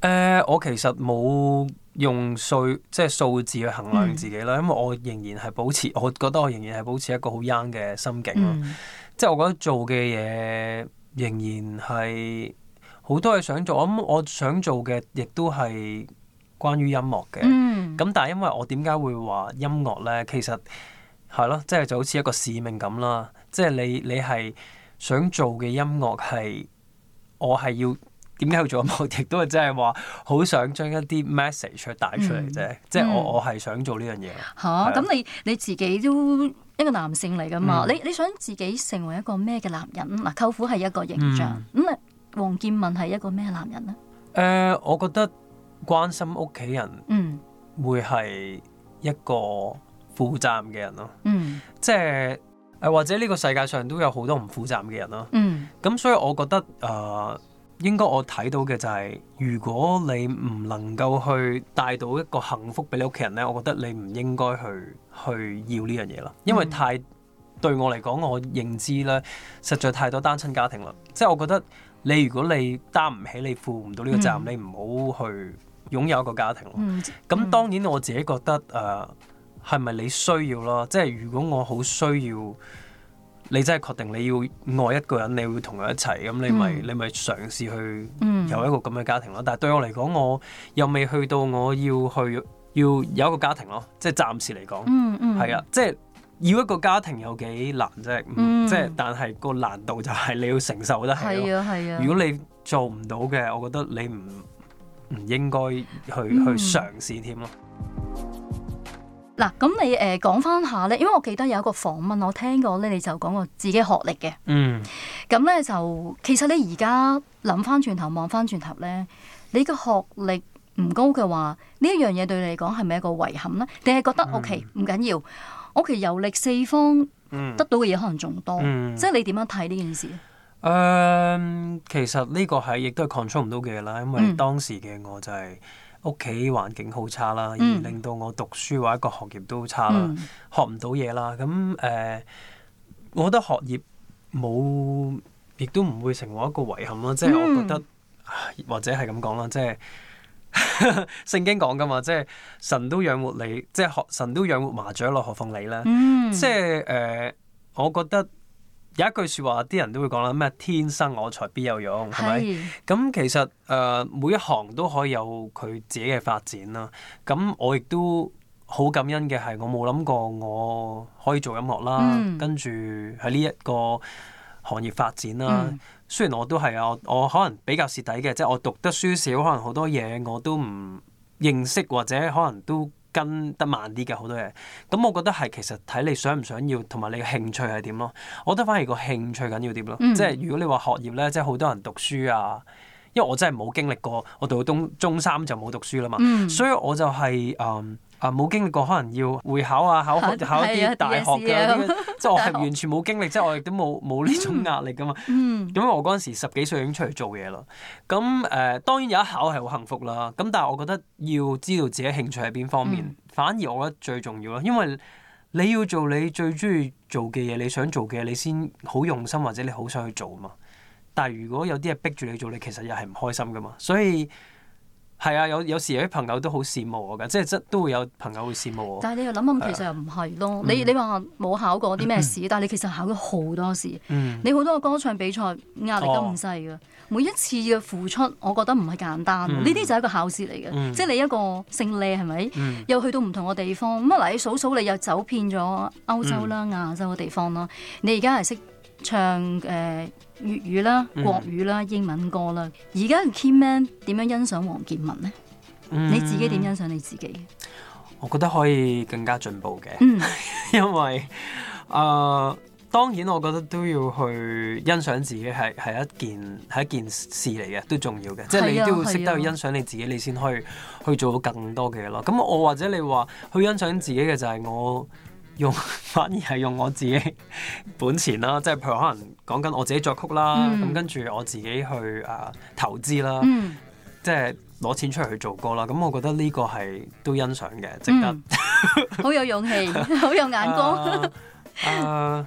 誒、呃，我其實冇用數即係數字去衡量自己啦，嗯、因為我仍然係保持，我覺得我仍然係保持一個好 young 嘅心境咯。嗯、即係我覺得做嘅嘢仍然係好多嘢想做，咁我想，想做嘅亦都係。關於音樂嘅，咁、嗯、但係因為我點解會話音樂咧，其實係咯，即係、就是、就好似一個使命咁啦。即、就、係、是、你你係想做嘅音樂係，我係要點解要做音樂，亦都係即係話好想將一啲 message 帶出嚟啫。即係、嗯、我、嗯、我係想做呢樣嘢。吓咁、啊啊、你你自己都一個男性嚟噶嘛？嗯、你你想自己成為一個咩嘅男人？嗱、嗯，舅父係一個形象，咁啊、嗯，黃劍、嗯、文係一個咩男人咧？誒、呃，我覺得。關心屋企人，嗯，會係一個負責任嘅人咯，嗯，即係誒或者呢個世界上都有好多唔負責任嘅人咯，嗯，咁所以我覺得誒、呃，應該我睇到嘅就係、是、如果你唔能夠去帶到一個幸福俾你屋企人呢，我覺得你唔應該去去要呢樣嘢啦，因為太對我嚟講，我認知呢，實在太多單親家庭啦，即係我覺得。你如果你擔唔起，你負唔到呢個責任，嗯、你唔好去擁有一個家庭。咁、嗯、當然我自己覺得誒，係、呃、咪你需要咯？即係如果我好需要，你真係確定你要愛一個人，你會同佢一齊？咁你咪、嗯、你咪嘗試去有一個咁嘅家庭咯。嗯、但係對我嚟講，我又未去到我要去要有一個家庭咯。即係暫時嚟講，係啊、嗯嗯，即係。要一個家庭有幾難啫，嗯、即係但係個難度就係你要承受得係咯。啊係啊。如果你做唔到嘅，我覺得你唔唔應該去、嗯、去嘗試添咯。嗱，咁你誒講翻下咧，因為我記得有一個訪問，我聽過咧，你就講過自己學歷嘅。嗯。咁咧就，其實你而家諗翻轉頭望翻轉頭咧，你個學歷唔高嘅話，呢一、嗯、樣嘢對你嚟講係咪一個遺憾咧？定係覺得 O K 唔緊要？嗯 okay，屋企遊歷四方，得到嘅嘢可能仲多，嗯、即係你點樣睇呢件事？誒、呃，其實呢個係亦都係 control 唔到嘅嘢啦，因為當時嘅我就係屋企環境好差啦，嗯、而令到我讀書或者個學業都差啦，嗯、學唔到嘢啦。咁誒、呃，我覺得學業冇，亦都唔會成為一個遺憾咯。即係我覺得，嗯、或者係咁講啦，即係。 聖經講噶嘛，即係神都養活你，即係學神都養活麻雀咯，何況你啦。即係誒，我覺得有一句說話，啲人都會講啦，咩天生我材必有用，係咪是？咁其實誒、呃，每一行都可以有佢自己嘅發展啦。咁我亦都好感恩嘅係，我冇諗過我可以做音樂啦。嗯、跟住喺呢一個。行業發展啦、啊，雖然我都係啊，我可能比較蝕底嘅，即係我讀得書少，可能好多嘢我都唔認識，或者可能都跟得慢啲嘅好多嘢。咁我覺得係其實睇你想唔想要，同埋你嘅興趣係點咯。我覺得反而個興趣緊要點咯，嗯、即係如果你話學業咧，即係好多人讀書啊，因為我真係冇經歷過，我讀中中三就冇讀書啦嘛，嗯、所以我就係、是、誒。Um, 啊！冇經歷過，可能要會考啊，考考一啲大學嘅。 學即係我係完全冇經歷，即係 我亦都冇冇呢種壓力噶嘛。咁 我嗰陣時十幾歲已經出去做嘢啦。咁誒、呃，當然有一考係好幸福啦。咁但係我覺得要知道自己興趣係邊方面， 反而我覺得最重要咯。因為你要做你最中意做嘅嘢，你想做嘅嘢，你先好用心或者你好想去做嘛。但係如果有啲嘢逼住你做你，你其實又係唔開心噶嘛。所以。係啊，有有時有啲朋友都好羨慕我㗎，即係都會有朋友會羨慕我。我。但係你又諗諗，其實又唔係咯。嗯、你你話冇考過啲咩試，嗯、但係你其實考咗好多試。嗯、你好多歌唱比賽壓力都唔細㗎。哦、每一次嘅付出，我覺得唔係簡單。呢啲、嗯、就係一個考試嚟嘅，嗯、即係你一個姓李係咪？是是嗯、又去到唔同嘅地方。咁啊，嗱，你數數你又走遍咗歐洲啦、嗯、亞洲嘅地方啦。你而家係識。唱誒、呃、粵語啦、國語啦、嗯、英文歌啦。而家嘅 Kimman 點樣欣賞黃劍文呢？嗯、你自己點欣賞你自己？我覺得可以更加進步嘅，嗯、因為啊、呃，當然我覺得都要去欣賞自己係係一件係一件事嚟嘅，都重要嘅。即係、啊、你都要識得去欣賞你自己，啊、你先可以去做到更多嘅嘢咯。咁我或者你話去欣賞自己嘅就係我。用反而係用我自己本錢啦，即係譬如可能講緊我自己作曲啦，咁、嗯、跟住我自己去誒、啊、投資啦，嗯、即係攞錢出嚟去做歌啦。咁我覺得呢個係都欣賞嘅，值得、嗯。好 有勇氣，好有眼光。誒、啊，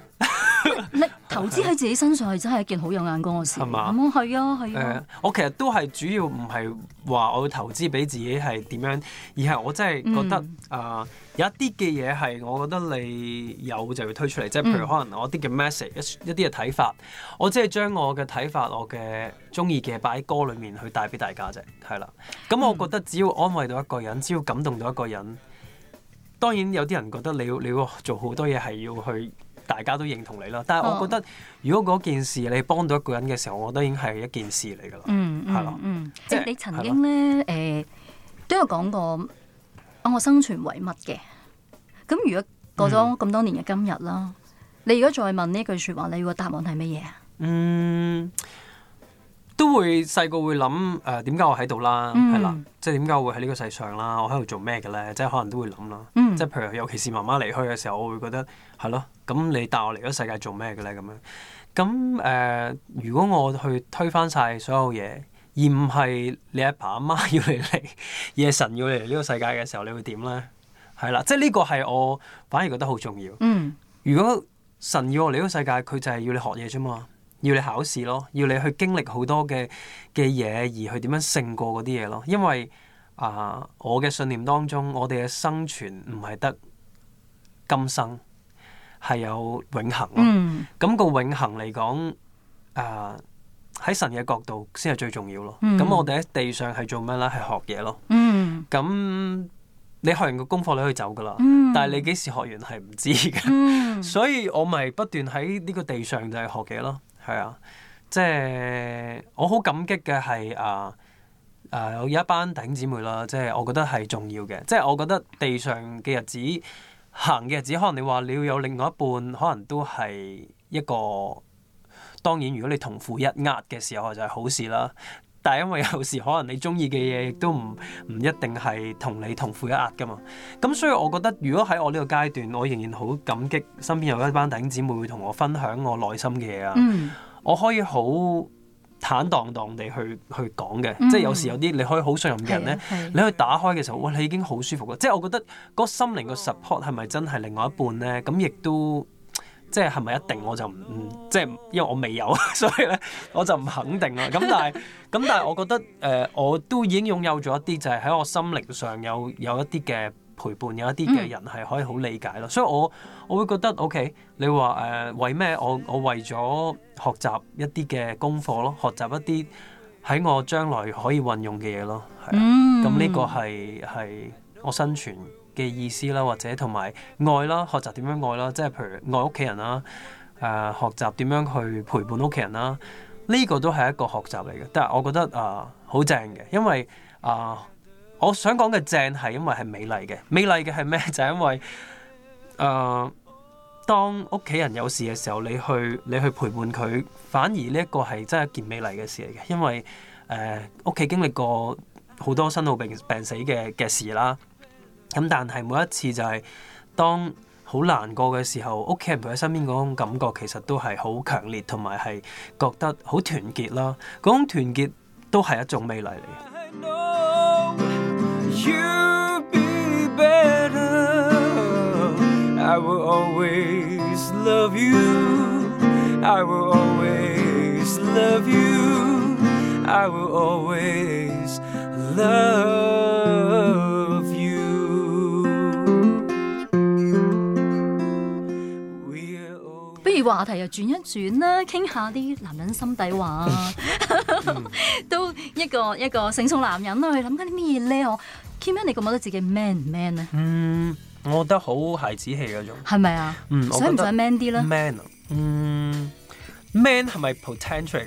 你投資喺自己身上係真係一件好有眼光嘅事嘛？係啊吧，係啊、嗯嗯。我其實都係主要唔係話我要投資俾自己係點樣，而係我真係覺得誒。嗯啊有一啲嘅嘢，係我覺得你有就會推出嚟，即係譬如可能我啲嘅 message，一啲嘅睇法，我只係將我嘅睇法、我嘅中意嘅擺喺歌裏面去帶俾大家啫，係啦。咁我覺得只要安慰到一個人，只要感動到一個人，當然有啲人覺得你你要做好多嘢係要去大家都認同你啦。但係我覺得，如果嗰件事你幫到一個人嘅時候，我覺得已經係一件事嚟噶啦。係，嗯嗯。嗯的即係的你曾經咧，誒的、呃、都有講過，我生存為乜嘅？咁如果過咗咁多年嘅今日啦，嗯、你如果再問呢句說話，你個答案係乜嘢啊？嗯，都會細個會諗誒，點、呃、解我喺度、嗯、啦？係啦，即係點解我會喺呢個世上啦？我喺度做咩嘅咧？即係可能都會諗啦。嗯、即係譬如尤其是媽媽離開嘅時候，我會覺得係咯。咁你帶我嚟咗世界做咩嘅咧？咁樣咁誒、嗯呃，如果我去推翻晒所有嘢，而唔係你阿爸阿媽要你嚟，而係神要你嚟呢個世界嘅時候，你會點咧？係啦，即係呢個係我反而覺得好重要。嗯，如果神要我嚟呢個世界，佢就係要你學嘢啫嘛，要你考試咯，要你去經歷好多嘅嘅嘢，而去點樣勝過嗰啲嘢咯。因為啊、呃，我嘅信念當中，我哋嘅生存唔係得今生，係有永恆咯。咁、嗯、個永恆嚟講，誒、呃、喺神嘅角度先係最重要咯。咁、嗯、我哋喺地上係做咩咧？係學嘢咯。咁、嗯。嗯你學完個功課你可以走噶啦，嗯、但係你幾時學完係唔知嘅，嗯、 所以我咪不斷喺呢個地上就係學嘢咯，係啊，即係我好感激嘅係啊啊有一班弟兄姊妹啦，即係我覺得係重要嘅，即係我覺得地上嘅日子行嘅日子，可能你話你要有另外一半，可能都係一個，當然如果你同負一軛嘅時候就係、是、好事啦。但係因為有時可能你中意嘅嘢，亦都唔唔一定係同你同付一壓噶嘛。咁所以我覺得如果喺我呢個階段，我仍然好感激身邊有一班弟兄姊妹會同我分享我內心嘅嘢啊，嗯、我可以好坦蕩蕩地去去講嘅，嗯、即係有時有啲你可以好信任嘅人咧，啊啊、你去打開嘅時候，哇你已經好舒服嘅，即係我覺得嗰心靈個 support 係咪真係另外一半咧？咁亦都。即係係咪一定我就唔唔、嗯、即係因為我未有， 所以咧我就唔肯定啦。咁但係咁但係我覺得誒、呃，我都已經擁有咗一啲，就係喺我心靈上有有一啲嘅陪伴，有一啲嘅人係可以好理解咯。嗯、所以我我會覺得 OK，你話誒、呃、為咩我我為咗學習一啲嘅功課咯，學習一啲喺我將來可以運用嘅嘢咯，係咁呢個係係我生存。嘅意思啦，或者同埋愛啦，學習點樣愛啦，即係譬如愛屋企人啦，誒、呃，學習點樣去陪伴屋企人啦，呢、這個都係一個學習嚟嘅。但係我覺得誒好、呃、正嘅，因為誒、呃、我想講嘅正係因為係美麗嘅，美麗嘅係咩？ 就係因為誒、呃、當屋企人有事嘅時候，你去你去陪伴佢，反而呢一個係真係一件美麗嘅事嚟嘅，因為誒屋企經歷過好多生老病病死嘅嘅事啦。咁但係每一次就係當好難過嘅時候，屋企人陪喺身邊嗰種感覺，其實都係好強烈，同埋係覺得好團結啦。嗰種團結都係一種美麗嚟。啲話題又轉一轉啦，傾下啲男人心底話， 都一個一個成熟男人啦，去諗緊啲咩咧？我 Kimman，你覺唔覺得自己 man 唔 man 咧？嗯，我覺得好孩子氣嗰種，係咪啊？想唔想 man 啲咧？man，嗯，man 係咪 potential？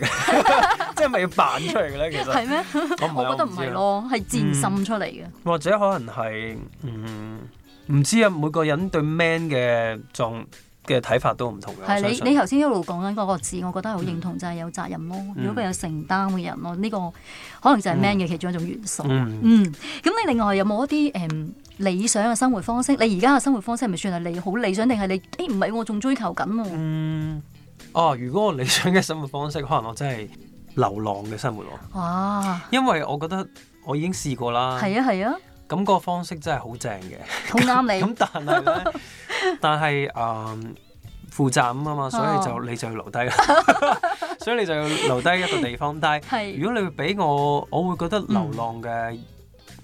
即係咪要扮出嚟嘅咧？其實係咩？我覺得唔係咯，係滲心出嚟嘅、嗯。或者可能係嗯唔知啊，每個人對 man 嘅狀嘅睇法都唔同嘅，係你你頭先一路講緊嗰個字，我覺得係好認同，嗯、就係有責任咯，嗯、如果佢有承擔嘅人咯，呢、呢個可能就係 man 嘅其中一種元素。嗯，咁、嗯、你另外有冇一啲誒、嗯、理想嘅生活方式？你而家嘅生活方式係咪算係你好理想定係你？誒唔係我仲追求緊喎。嗯，哦、啊，如果我理想嘅生活方式，可能我真係流浪嘅生活喎。哦、啊，因為我覺得我已經試過啦。係啊，係啊。咁個方式真係好正嘅，好啱你。咁但係， 但係誒、uh, 負責咁啊嘛，所以就、oh. 你就要留低啦。 所以你就要留低一個地方。但係如果你會俾我，我會覺得流浪嘅，是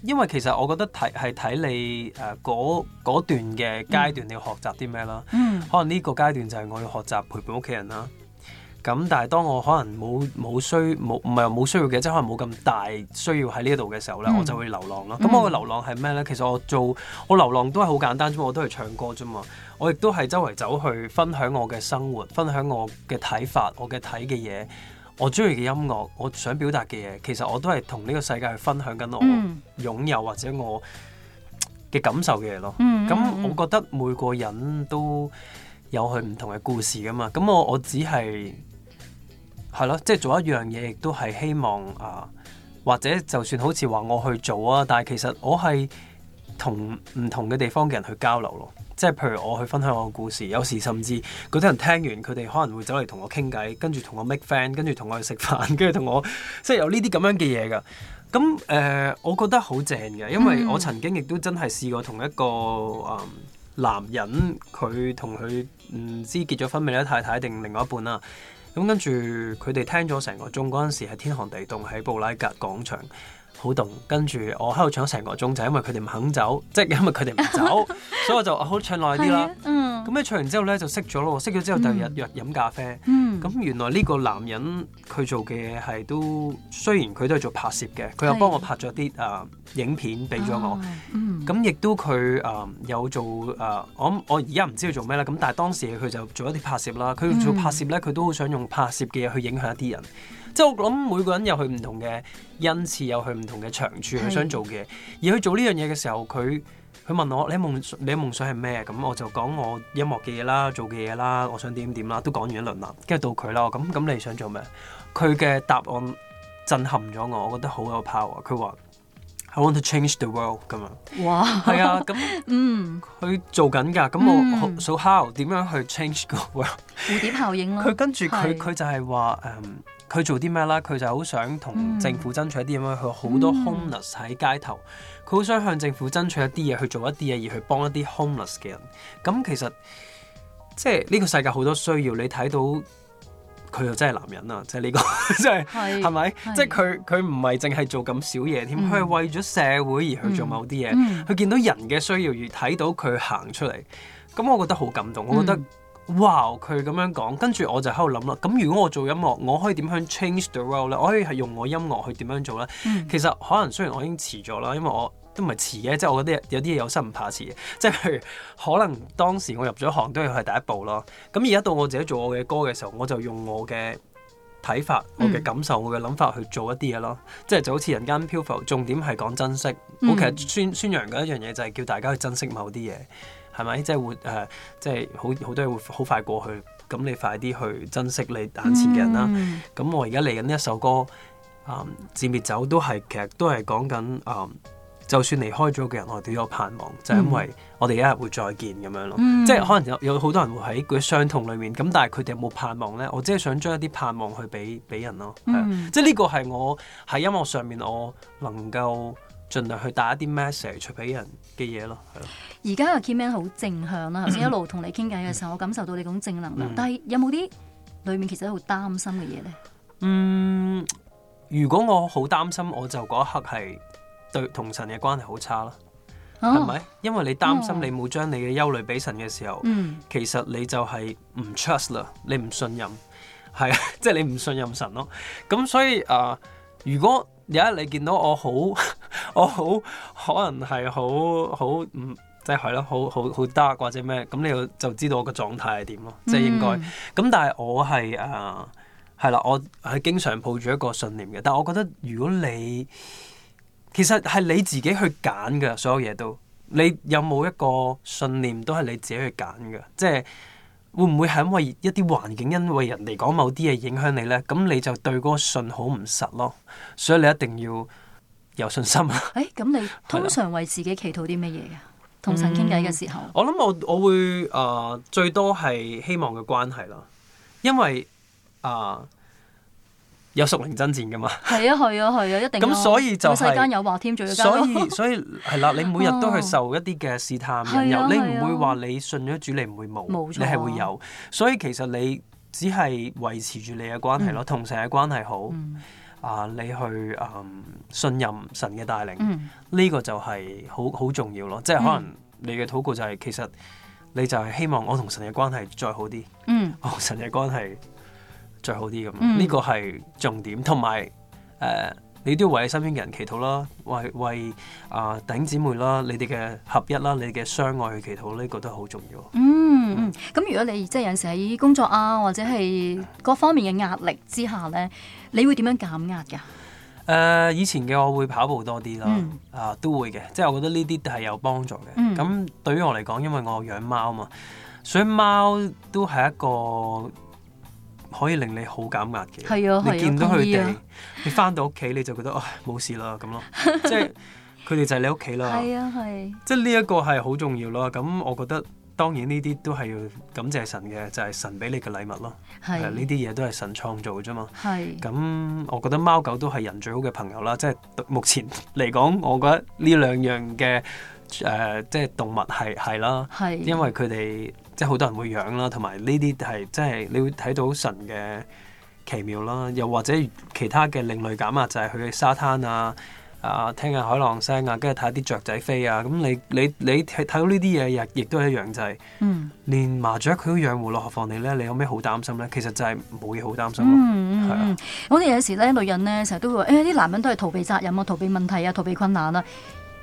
因為其實我覺得睇係睇你誒嗰、uh, 段嘅階段，你要學習啲咩啦。嗯，可能呢個階段就係我要學習陪伴屋企人啦。咁但係當我可能冇冇需冇唔係冇需要嘅，即可能冇咁大需要喺呢度嘅時候咧，嗯、我就會流浪咯。咁、嗯、我嘅流浪係咩咧？其實我做我流浪都係好簡單啫，我都係唱歌啫嘛。我亦都係周圍走去分享我嘅生活，分享我嘅睇法，我嘅睇嘅嘢，我中意嘅音樂，我想表達嘅嘢。其實我都係同呢個世界去分享緊我擁有或者我嘅感受嘅嘢咯。咁、嗯嗯、我覺得每個人都有佢唔同嘅故事㗎嘛。咁我我只係。係咯，即係做一樣嘢，亦都係希望啊、呃，或者就算好似話我去做啊，但係其實我係同唔同嘅地方嘅人去交流咯。即係譬如我去分享我嘅故事，有時甚至嗰啲人聽完，佢哋可能會走嚟同我傾偈，跟住同我 make friend，跟住同我去食飯，跟住同我，即係有呢啲咁樣嘅嘢噶。咁誒、呃，我覺得好正嘅，因為我曾經亦都真係試過同一個誒、呃、男人，佢同佢唔知結咗婚未咧，太太定另外一半啦、啊。咁跟住佢哋聽咗成個鐘嗰陣時，係天寒地凍喺布拉格廣場。好凍，跟住我喺度唱咗成個鐘，就係因為佢哋唔肯走，即係因為佢哋唔走， 所以我就好唱耐啲啦。咁你、啊嗯、唱完之後呢，就熄咗咯，熄咗之後第二日約飲咖啡。咁、嗯嗯、原來呢個男人佢做嘅係都雖然佢都係做拍攝嘅，佢又幫我拍咗啲啊、呃、影片，俾咗我。咁亦、哦嗯、都佢啊、呃、有做啊、呃、我我而家唔知佢做咩啦。咁但係當時佢就做一啲拍攝啦。佢做拍攝呢，佢都好想用拍攝嘅嘢去影響一啲人。即係我諗，每個人有佢唔同嘅恩賜，有佢唔同嘅長處，佢想做嘅嘢。而佢做呢樣嘢嘅時候，佢佢問我，你夢你夢想係咩？咁我就講我音樂嘅嘢啦，做嘅嘢啦，我想點點點啦，都講完一輪啦。跟住到佢啦，咁咁你想做咩？佢嘅答案震撼咗我，我覺得好有 power。佢話。I want to change the world 咁樣，係啊哇，咁嗯，佢做緊噶，咁我、嗯、So how 點樣去 change 個 world？蝴蝶效應啦。佢跟住佢佢就係話，誒、嗯，佢做啲咩啦？佢就好想同政府爭取一啲咁樣，佢好多 homeless 喺街頭，佢好、嗯、想向政府爭取一啲嘢去做一啲嘢，而去幫一啲 homeless 嘅人。咁其實即係呢個世界好多需要，你睇到。佢又真係男人啊！即係呢個，即係係咪？即係佢佢唔係淨係做咁少嘢添，佢係、嗯、為咗社會而去做某啲嘢。佢、嗯、見到人嘅需要而睇到佢行出嚟，咁我覺得好感動。我覺得、嗯、哇！佢咁樣講，跟住我就喺度諗啦。咁如果我做音樂，我可以點樣 change the world 咧？我可以係用我音樂去點樣做咧？嗯、其實可能雖然我已經遲咗啦，因為我。都唔係遲嘅，即係我覺得有啲嘢有心唔怕遲嘅，即係可能當時我入咗行都要係第一步咯。咁而家到我自己做我嘅歌嘅時候，我就用我嘅睇法、嗯、我嘅感受、我嘅諗法去做一啲嘢咯。即係就好似《人間漂流》，重點係講珍惜。我其實宣宣揚緊一樣嘢，就係叫大家去珍惜某啲嘢，係咪？即係會誒、呃，即係好好多嘢會好快過去，咁你快啲去珍惜你眼前嘅人啦。咁、嗯嗯、我而家嚟緊呢一首歌誒，《餞別酒》都係其實都係講緊誒。嗯就算離開咗嘅人，我哋都有盼望，嗯、就係因為我哋一日會再見咁樣咯。嗯、即係可能有有好多人會喺嗰啲傷痛裏面，咁但係佢哋有冇盼望咧？我只係想將一啲盼望去俾俾人咯、嗯。即係呢個係我喺音樂上面，我能夠盡量去帶一啲 message 出俾人嘅嘢咯。而家嘅 Kimman 好正向啦、啊，頭先一路同你傾偈嘅時候，嗯、我感受到你嗰種正能量。嗯、但係有冇啲裡面其實好擔心嘅嘢咧？嗯，如果我好擔心，我就嗰一刻係。對同神嘅關係好差啦，係咪、oh.？因為你擔心你冇將你嘅憂慮俾神嘅時候，mm. 其實你就係唔 trust 啦，你唔信任，係啊，即係你唔信任神咯。咁所以啊、呃，如果有一日你見到我好，我好可能係好好唔即係係咯，好、嗯就是、好好 dark，好或者咩，咁你就知道我嘅狀態係點咯，即係應該。咁、mm. 但係我係啊，係、呃、啦，我係經常抱住一個信念嘅，但係我覺得如果你。其實係你自己去揀噶，所有嘢都，你有冇一個信念都係你自己去揀噶，即係會唔會係因為一啲環境，因為人哋講某啲嘢影響你呢？咁你就對嗰個信好唔實咯，所以你一定要有信心啊！誒、欸，咁你通常為自己祈禱啲咩嘢嘅？同神傾偈嘅時候，我諗我我會誒、呃、最多係希望嘅關係啦，因為誒。呃有屬靈爭戰㗎嘛？係啊，係啊，係啊，一定。咁所以就係、世間有話添，所以所以係啦，你每日都去受一啲嘅試探，有、哦、你唔會話你信咗主你唔會冇，你係會，啊、會有。所以其實你只係維持住你嘅關係咯，同、嗯、神嘅關係好、嗯、啊，你去嗯信任神嘅帶領，呢、嗯、個就係好好重要咯。即係可能你嘅禱告就係、是、其實你就係希望我同神嘅關係再好啲，嗯，我同神嘅關係。最好啲咁，呢、嗯、個係重點，同埋誒，你都要為身邊嘅人祈禱啦，為為啊弟兄、呃、姊妹啦，你哋嘅合一啦，你哋嘅相愛去祈禱，呢、這個都好重要。嗯，咁、嗯、如果你即係有時喺工作啊，或者係各方面嘅壓力之下咧，你會點樣減壓噶？誒、呃，以前嘅我會跑步多啲啦，嗯、啊都會嘅，即係我覺得呢啲都係有幫助嘅。咁、嗯、對於我嚟講，因為我養貓啊嘛，所以貓都係一個。可以令你好減壓嘅，啊啊、你見到佢哋，樣你返到屋企你就覺得，哦、哎，冇事啦咁咯， 即係佢哋就係你屋企啦。係啊，係。即係呢一個係好重要咯。咁我覺得當然呢啲都係要感謝神嘅，就係、是、神俾你嘅禮物咯。呢啲嘢都係神創造啫嘛。係是。咁我覺得貓狗都係人最好嘅朋友啦。即係目前嚟講，我覺得呢兩樣嘅誒、呃，即係動物係係啦。因為佢哋。即係好多人會養啦，同埋呢啲係即係你會睇到神嘅奇妙啦，又或者其他嘅另類感悟就係、是、去沙灘啊，啊，聽下海浪聲啊，跟住睇下啲雀仔飛啊，咁你你你睇到呢啲嘢，亦亦都係一樣就係、是，嗯，連麻雀佢都養唔落，何況你咧？你有咩好擔心咧？其實就係冇嘢好擔心咯，係、嗯嗯、啊。好似有時咧，女人咧成日都會話，誒、哎，啲男人都係逃避責任啊，逃避問題啊，逃避困難啊。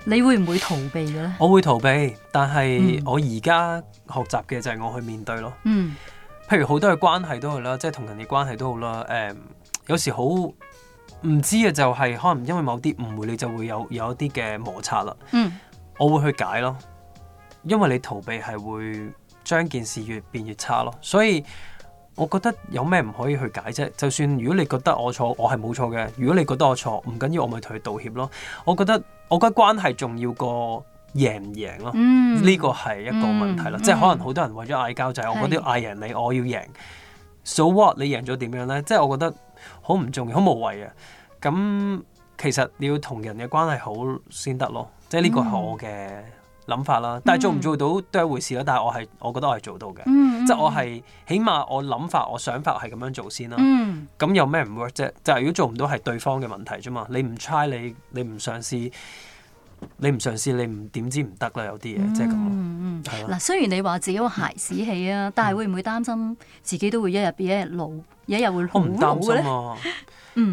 你會唔會逃避嘅咧？我會逃避，但係我而家學習嘅就係我去面對咯。嗯，譬如好多嘅關係都係啦，即係同人哋關係都好啦。誒、嗯，有時好唔知嘅就係可能因為某啲誤會，你就會有有一啲嘅摩擦啦。嗯，我會去解咯，因為你逃避係會將件事越變越差咯，所以。我覺得有咩唔可以去解釋？就算如果你覺得我錯，我係冇錯嘅。如果你覺得我錯，唔緊要，我咪同佢道歉咯。我覺得我覺得關係重要過贏唔贏咯。呢個係一個問題咯。嗯嗯、即係可能好多人為咗嗌交就係我覺得嗌贏你，我要贏。是 So what？你贏咗點樣呢？即係我覺得好唔重要，好無謂啊。咁、嗯、其實你要同人嘅關係好先得咯。即係呢個係我嘅。嗯諗法啦，但係做唔做到、嗯、都係一回事啦。但係我係我覺得我係做到嘅，嗯嗯嗯，即係我係起碼我諗法、我想法係咁樣做先啦。咁、嗯、有咩唔 work 啫？就係、是、如果做唔到係對方嘅問題啫嘛。你唔 try，你你唔嘗試。你唔嘗試，你唔點知唔得啦。有啲嘢即係咁。嗯嗯，嗱，雖然你話自己個孩子氣啊，但係會唔會擔心自己都會一日比一日老，一日會老？我唔擔心啊，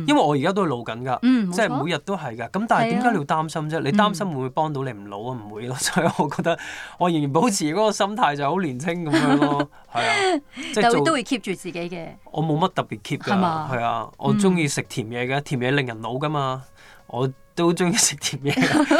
因為我而家都係老緊噶，即係每日都係噶。咁但係點解你要擔心啫？你擔心會唔會幫到你唔老啊？唔會咯，所以我覺得我仍然保持嗰個心態就好年輕咁樣咯，係啊，即係做都會 keep 住自己嘅。我冇乜特別 keep 噶，係啊，我中意食甜嘢嘅，甜嘢令人老噶嘛，我。都中意食甜嘢，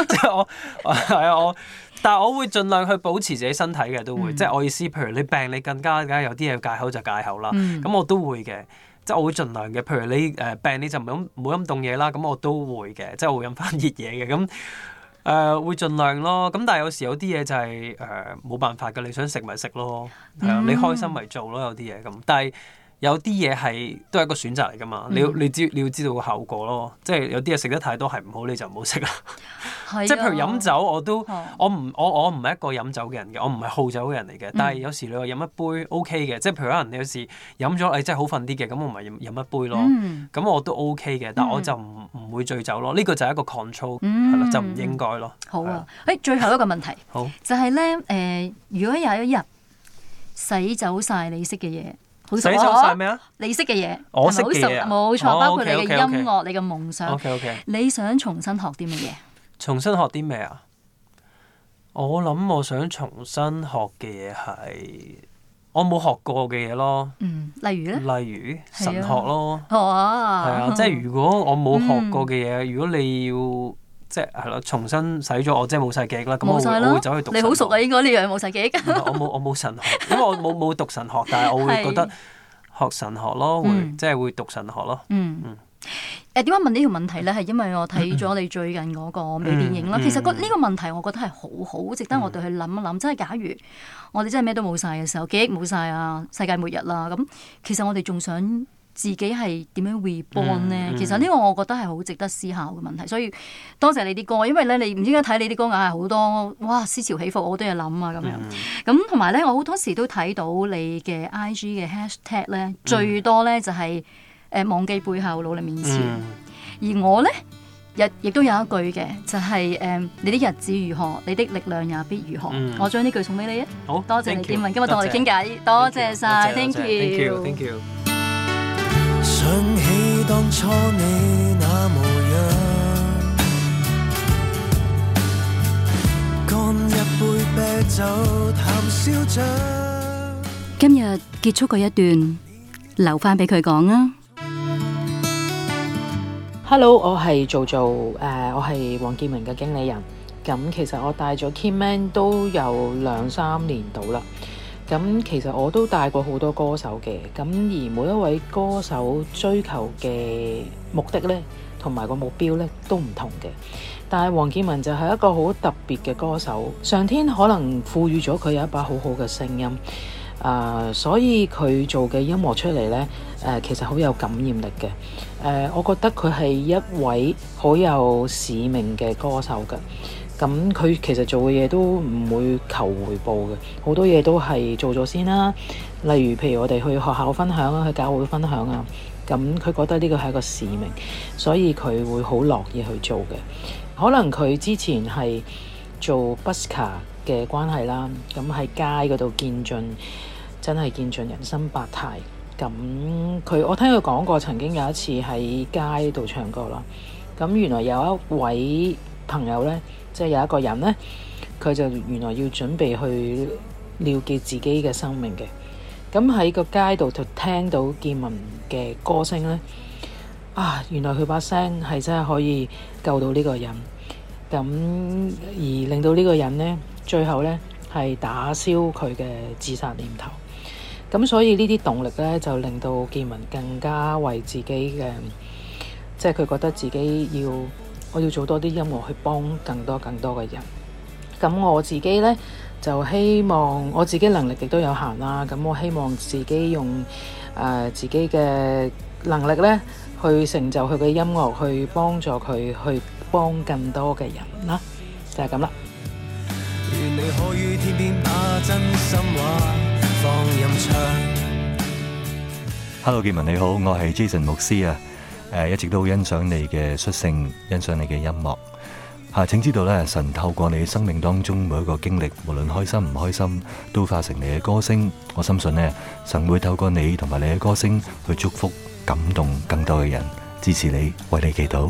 即係我係啊我，但係我會盡量去保持自己身體嘅，都會。嗯、即係我意思，譬如你病，你更加梗係有啲嘢戒口就戒口啦。咁、嗯、我都會嘅，即係我會盡量嘅。譬如你誒、呃、病，你就唔好唔好飲凍嘢啦。咁我都會嘅，即係我會飲翻熱嘢嘅。咁誒、呃、會盡量咯。咁但係有時有啲嘢就係誒冇辦法㗎。你想食咪食咯，係啊、嗯，你開心咪做咯。有啲嘢咁，但係。有啲嘢，係都係一個選擇嚟㗎嘛，嗯、你要你知你要知道個後果咯。即係有啲嘢食得太多係唔好，你就唔好食啦。 啊、 即係譬如飲酒，我都我唔我我唔係一個飲酒嘅人嘅，我唔係好酒嘅人嚟嘅。但係有時你話飲一杯 OK 嘅，即係譬如可能你有時飲咗，誒真係好瞓啲嘅，咁、嗯、我咪飲一杯咯。咁我都 OK 嘅，但我就唔唔會醉酒咯。呢、這個就係一個 control，、嗯啊、就唔應該咯。好啊，誒是、啊， 最後一個問題，好就係咧，誒、呃，如果有一日洗走晒你識嘅嘢。好錯晒咩啊？你識嘅嘢，我識嘅嘢，冇錯、啊，包括你嘅音樂、你嘅夢想，okay, okay, okay, okay, okay. 你想重新學啲乜嘢？重新學啲咩啊？我諗我想重新學嘅嘢係我冇學過嘅嘢咯。嗯，例如咧，例如神學咯。係、嗯、啊，啊啊嗯、即係如果我冇學過嘅嘢，如果你要。即係係咯，重新洗咗我即，即係冇曬記憶啦。咁我會走了去讀。你好熟啊，應該呢樣冇晒記憶、啊。唔得，我冇我冇神學，因為我冇冇 讀神學，但係我會覺得學神學咯，的會、嗯、會即係會讀神學咯。嗯。誒點解問呢條問題咧？係因為我睇咗你最近嗰個微電影啦。其實呢個問題，我覺得係好好值得我哋去諗一諗。真係、嗯，假如我哋真係咩都冇晒嘅時候，記憶冇晒啊，世界末日啦，咁其實我哋仲想，自己係點樣 rebound 咧？其實呢個我覺得係好值得思考嘅問題。所以多謝你啲歌，因為咧你唔知點解睇你啲歌硬係好多，哇！思潮起伏，我都係諗啊咁樣。咁同埋咧，我好多時都睇到你嘅 IG 嘅 hashtag 咧，最多咧就係誒忘記背後努力面前。而我咧，日亦都有一句嘅，就係誒你啲日子如何，你的力量也必如何。我將呢句送俾你啊！好多謝劍文今日同我哋傾偈，多謝晒！thank you，thank you。想起當初你那模樣，乾一杯啤酒談笑着。今日結束嗰一段，留翻俾佢講啊。Hello，我係做做誒，我係黃劍文嘅經理人。咁其實我帶咗 Kimman 都有兩三年到啦。咁其實我都帶過好多歌手嘅，咁而每一位歌手追求嘅目的呢，同埋個目標呢，都唔同嘅。但係黃劍文就係一個好特別嘅歌手，上天可能賦予咗佢有一把好好嘅聲音，啊、呃，所以佢做嘅音樂出嚟呢，誒、呃、其實好有感染力嘅。誒、呃，我覺得佢係一位好有使命嘅歌手嘅。咁佢其實做嘅嘢都唔會求回報嘅，好多嘢都係做咗先啦、啊。例如，譬如我哋去學校分享啊，去教會分享啊。咁佢覺得呢個係一個使命，所以佢會好樂意去做嘅。可能佢之前係做 busker 嘅關係啦，咁喺街嗰度見盡真係見盡人生百態。咁佢我聽佢講過，曾經有一次喺街度唱歌啦。咁原來有一位朋友呢。即係有一個人呢，佢就原來要準備去了結自己嘅生命嘅。咁喺個街度就聽到劍文嘅歌聲呢，啊，原來佢把聲係真係可以救到呢個人。咁而令到呢個人呢，最後呢係打消佢嘅自殺念頭。咁所以呢啲動力呢，就令到劍文更加為自己嘅，即係佢覺得自己要。我要做多啲音樂去幫更多更多嘅人。咁我自己呢就希望我自己能力亦都有限啦。咁我希望自己用誒自己嘅能力呢去成就佢嘅音樂，去幫助佢，去幫更多嘅人啦。就係咁啦。願你可與天邊把真心話放任唱。Hello，劍文你好，我係 Jason 牧師啊。誒，一直都欣賞你嘅率性，欣賞你嘅音樂，吓，請知道咧，神透過你生命當中每一個經歷，無論開心唔開心，都化成你嘅歌聲。我相信咧，神會透過你同埋你嘅歌聲去祝福、感動更多嘅人，支持你，為你祈禱。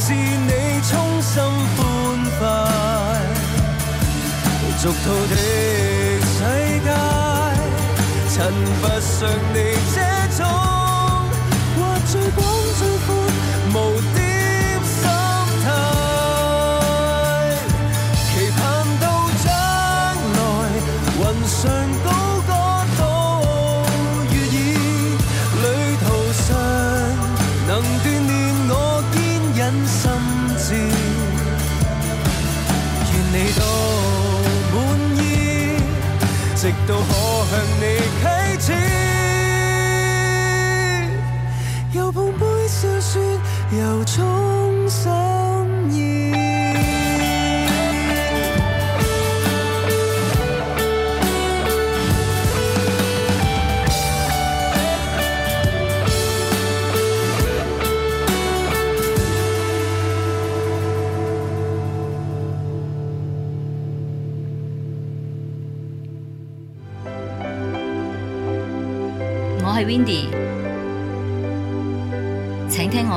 是你衷心歡快，俗套的世界襯不上你。 亦都可向你啟齒。又碰杯笑說，又。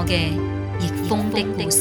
我嘅逆風的故事。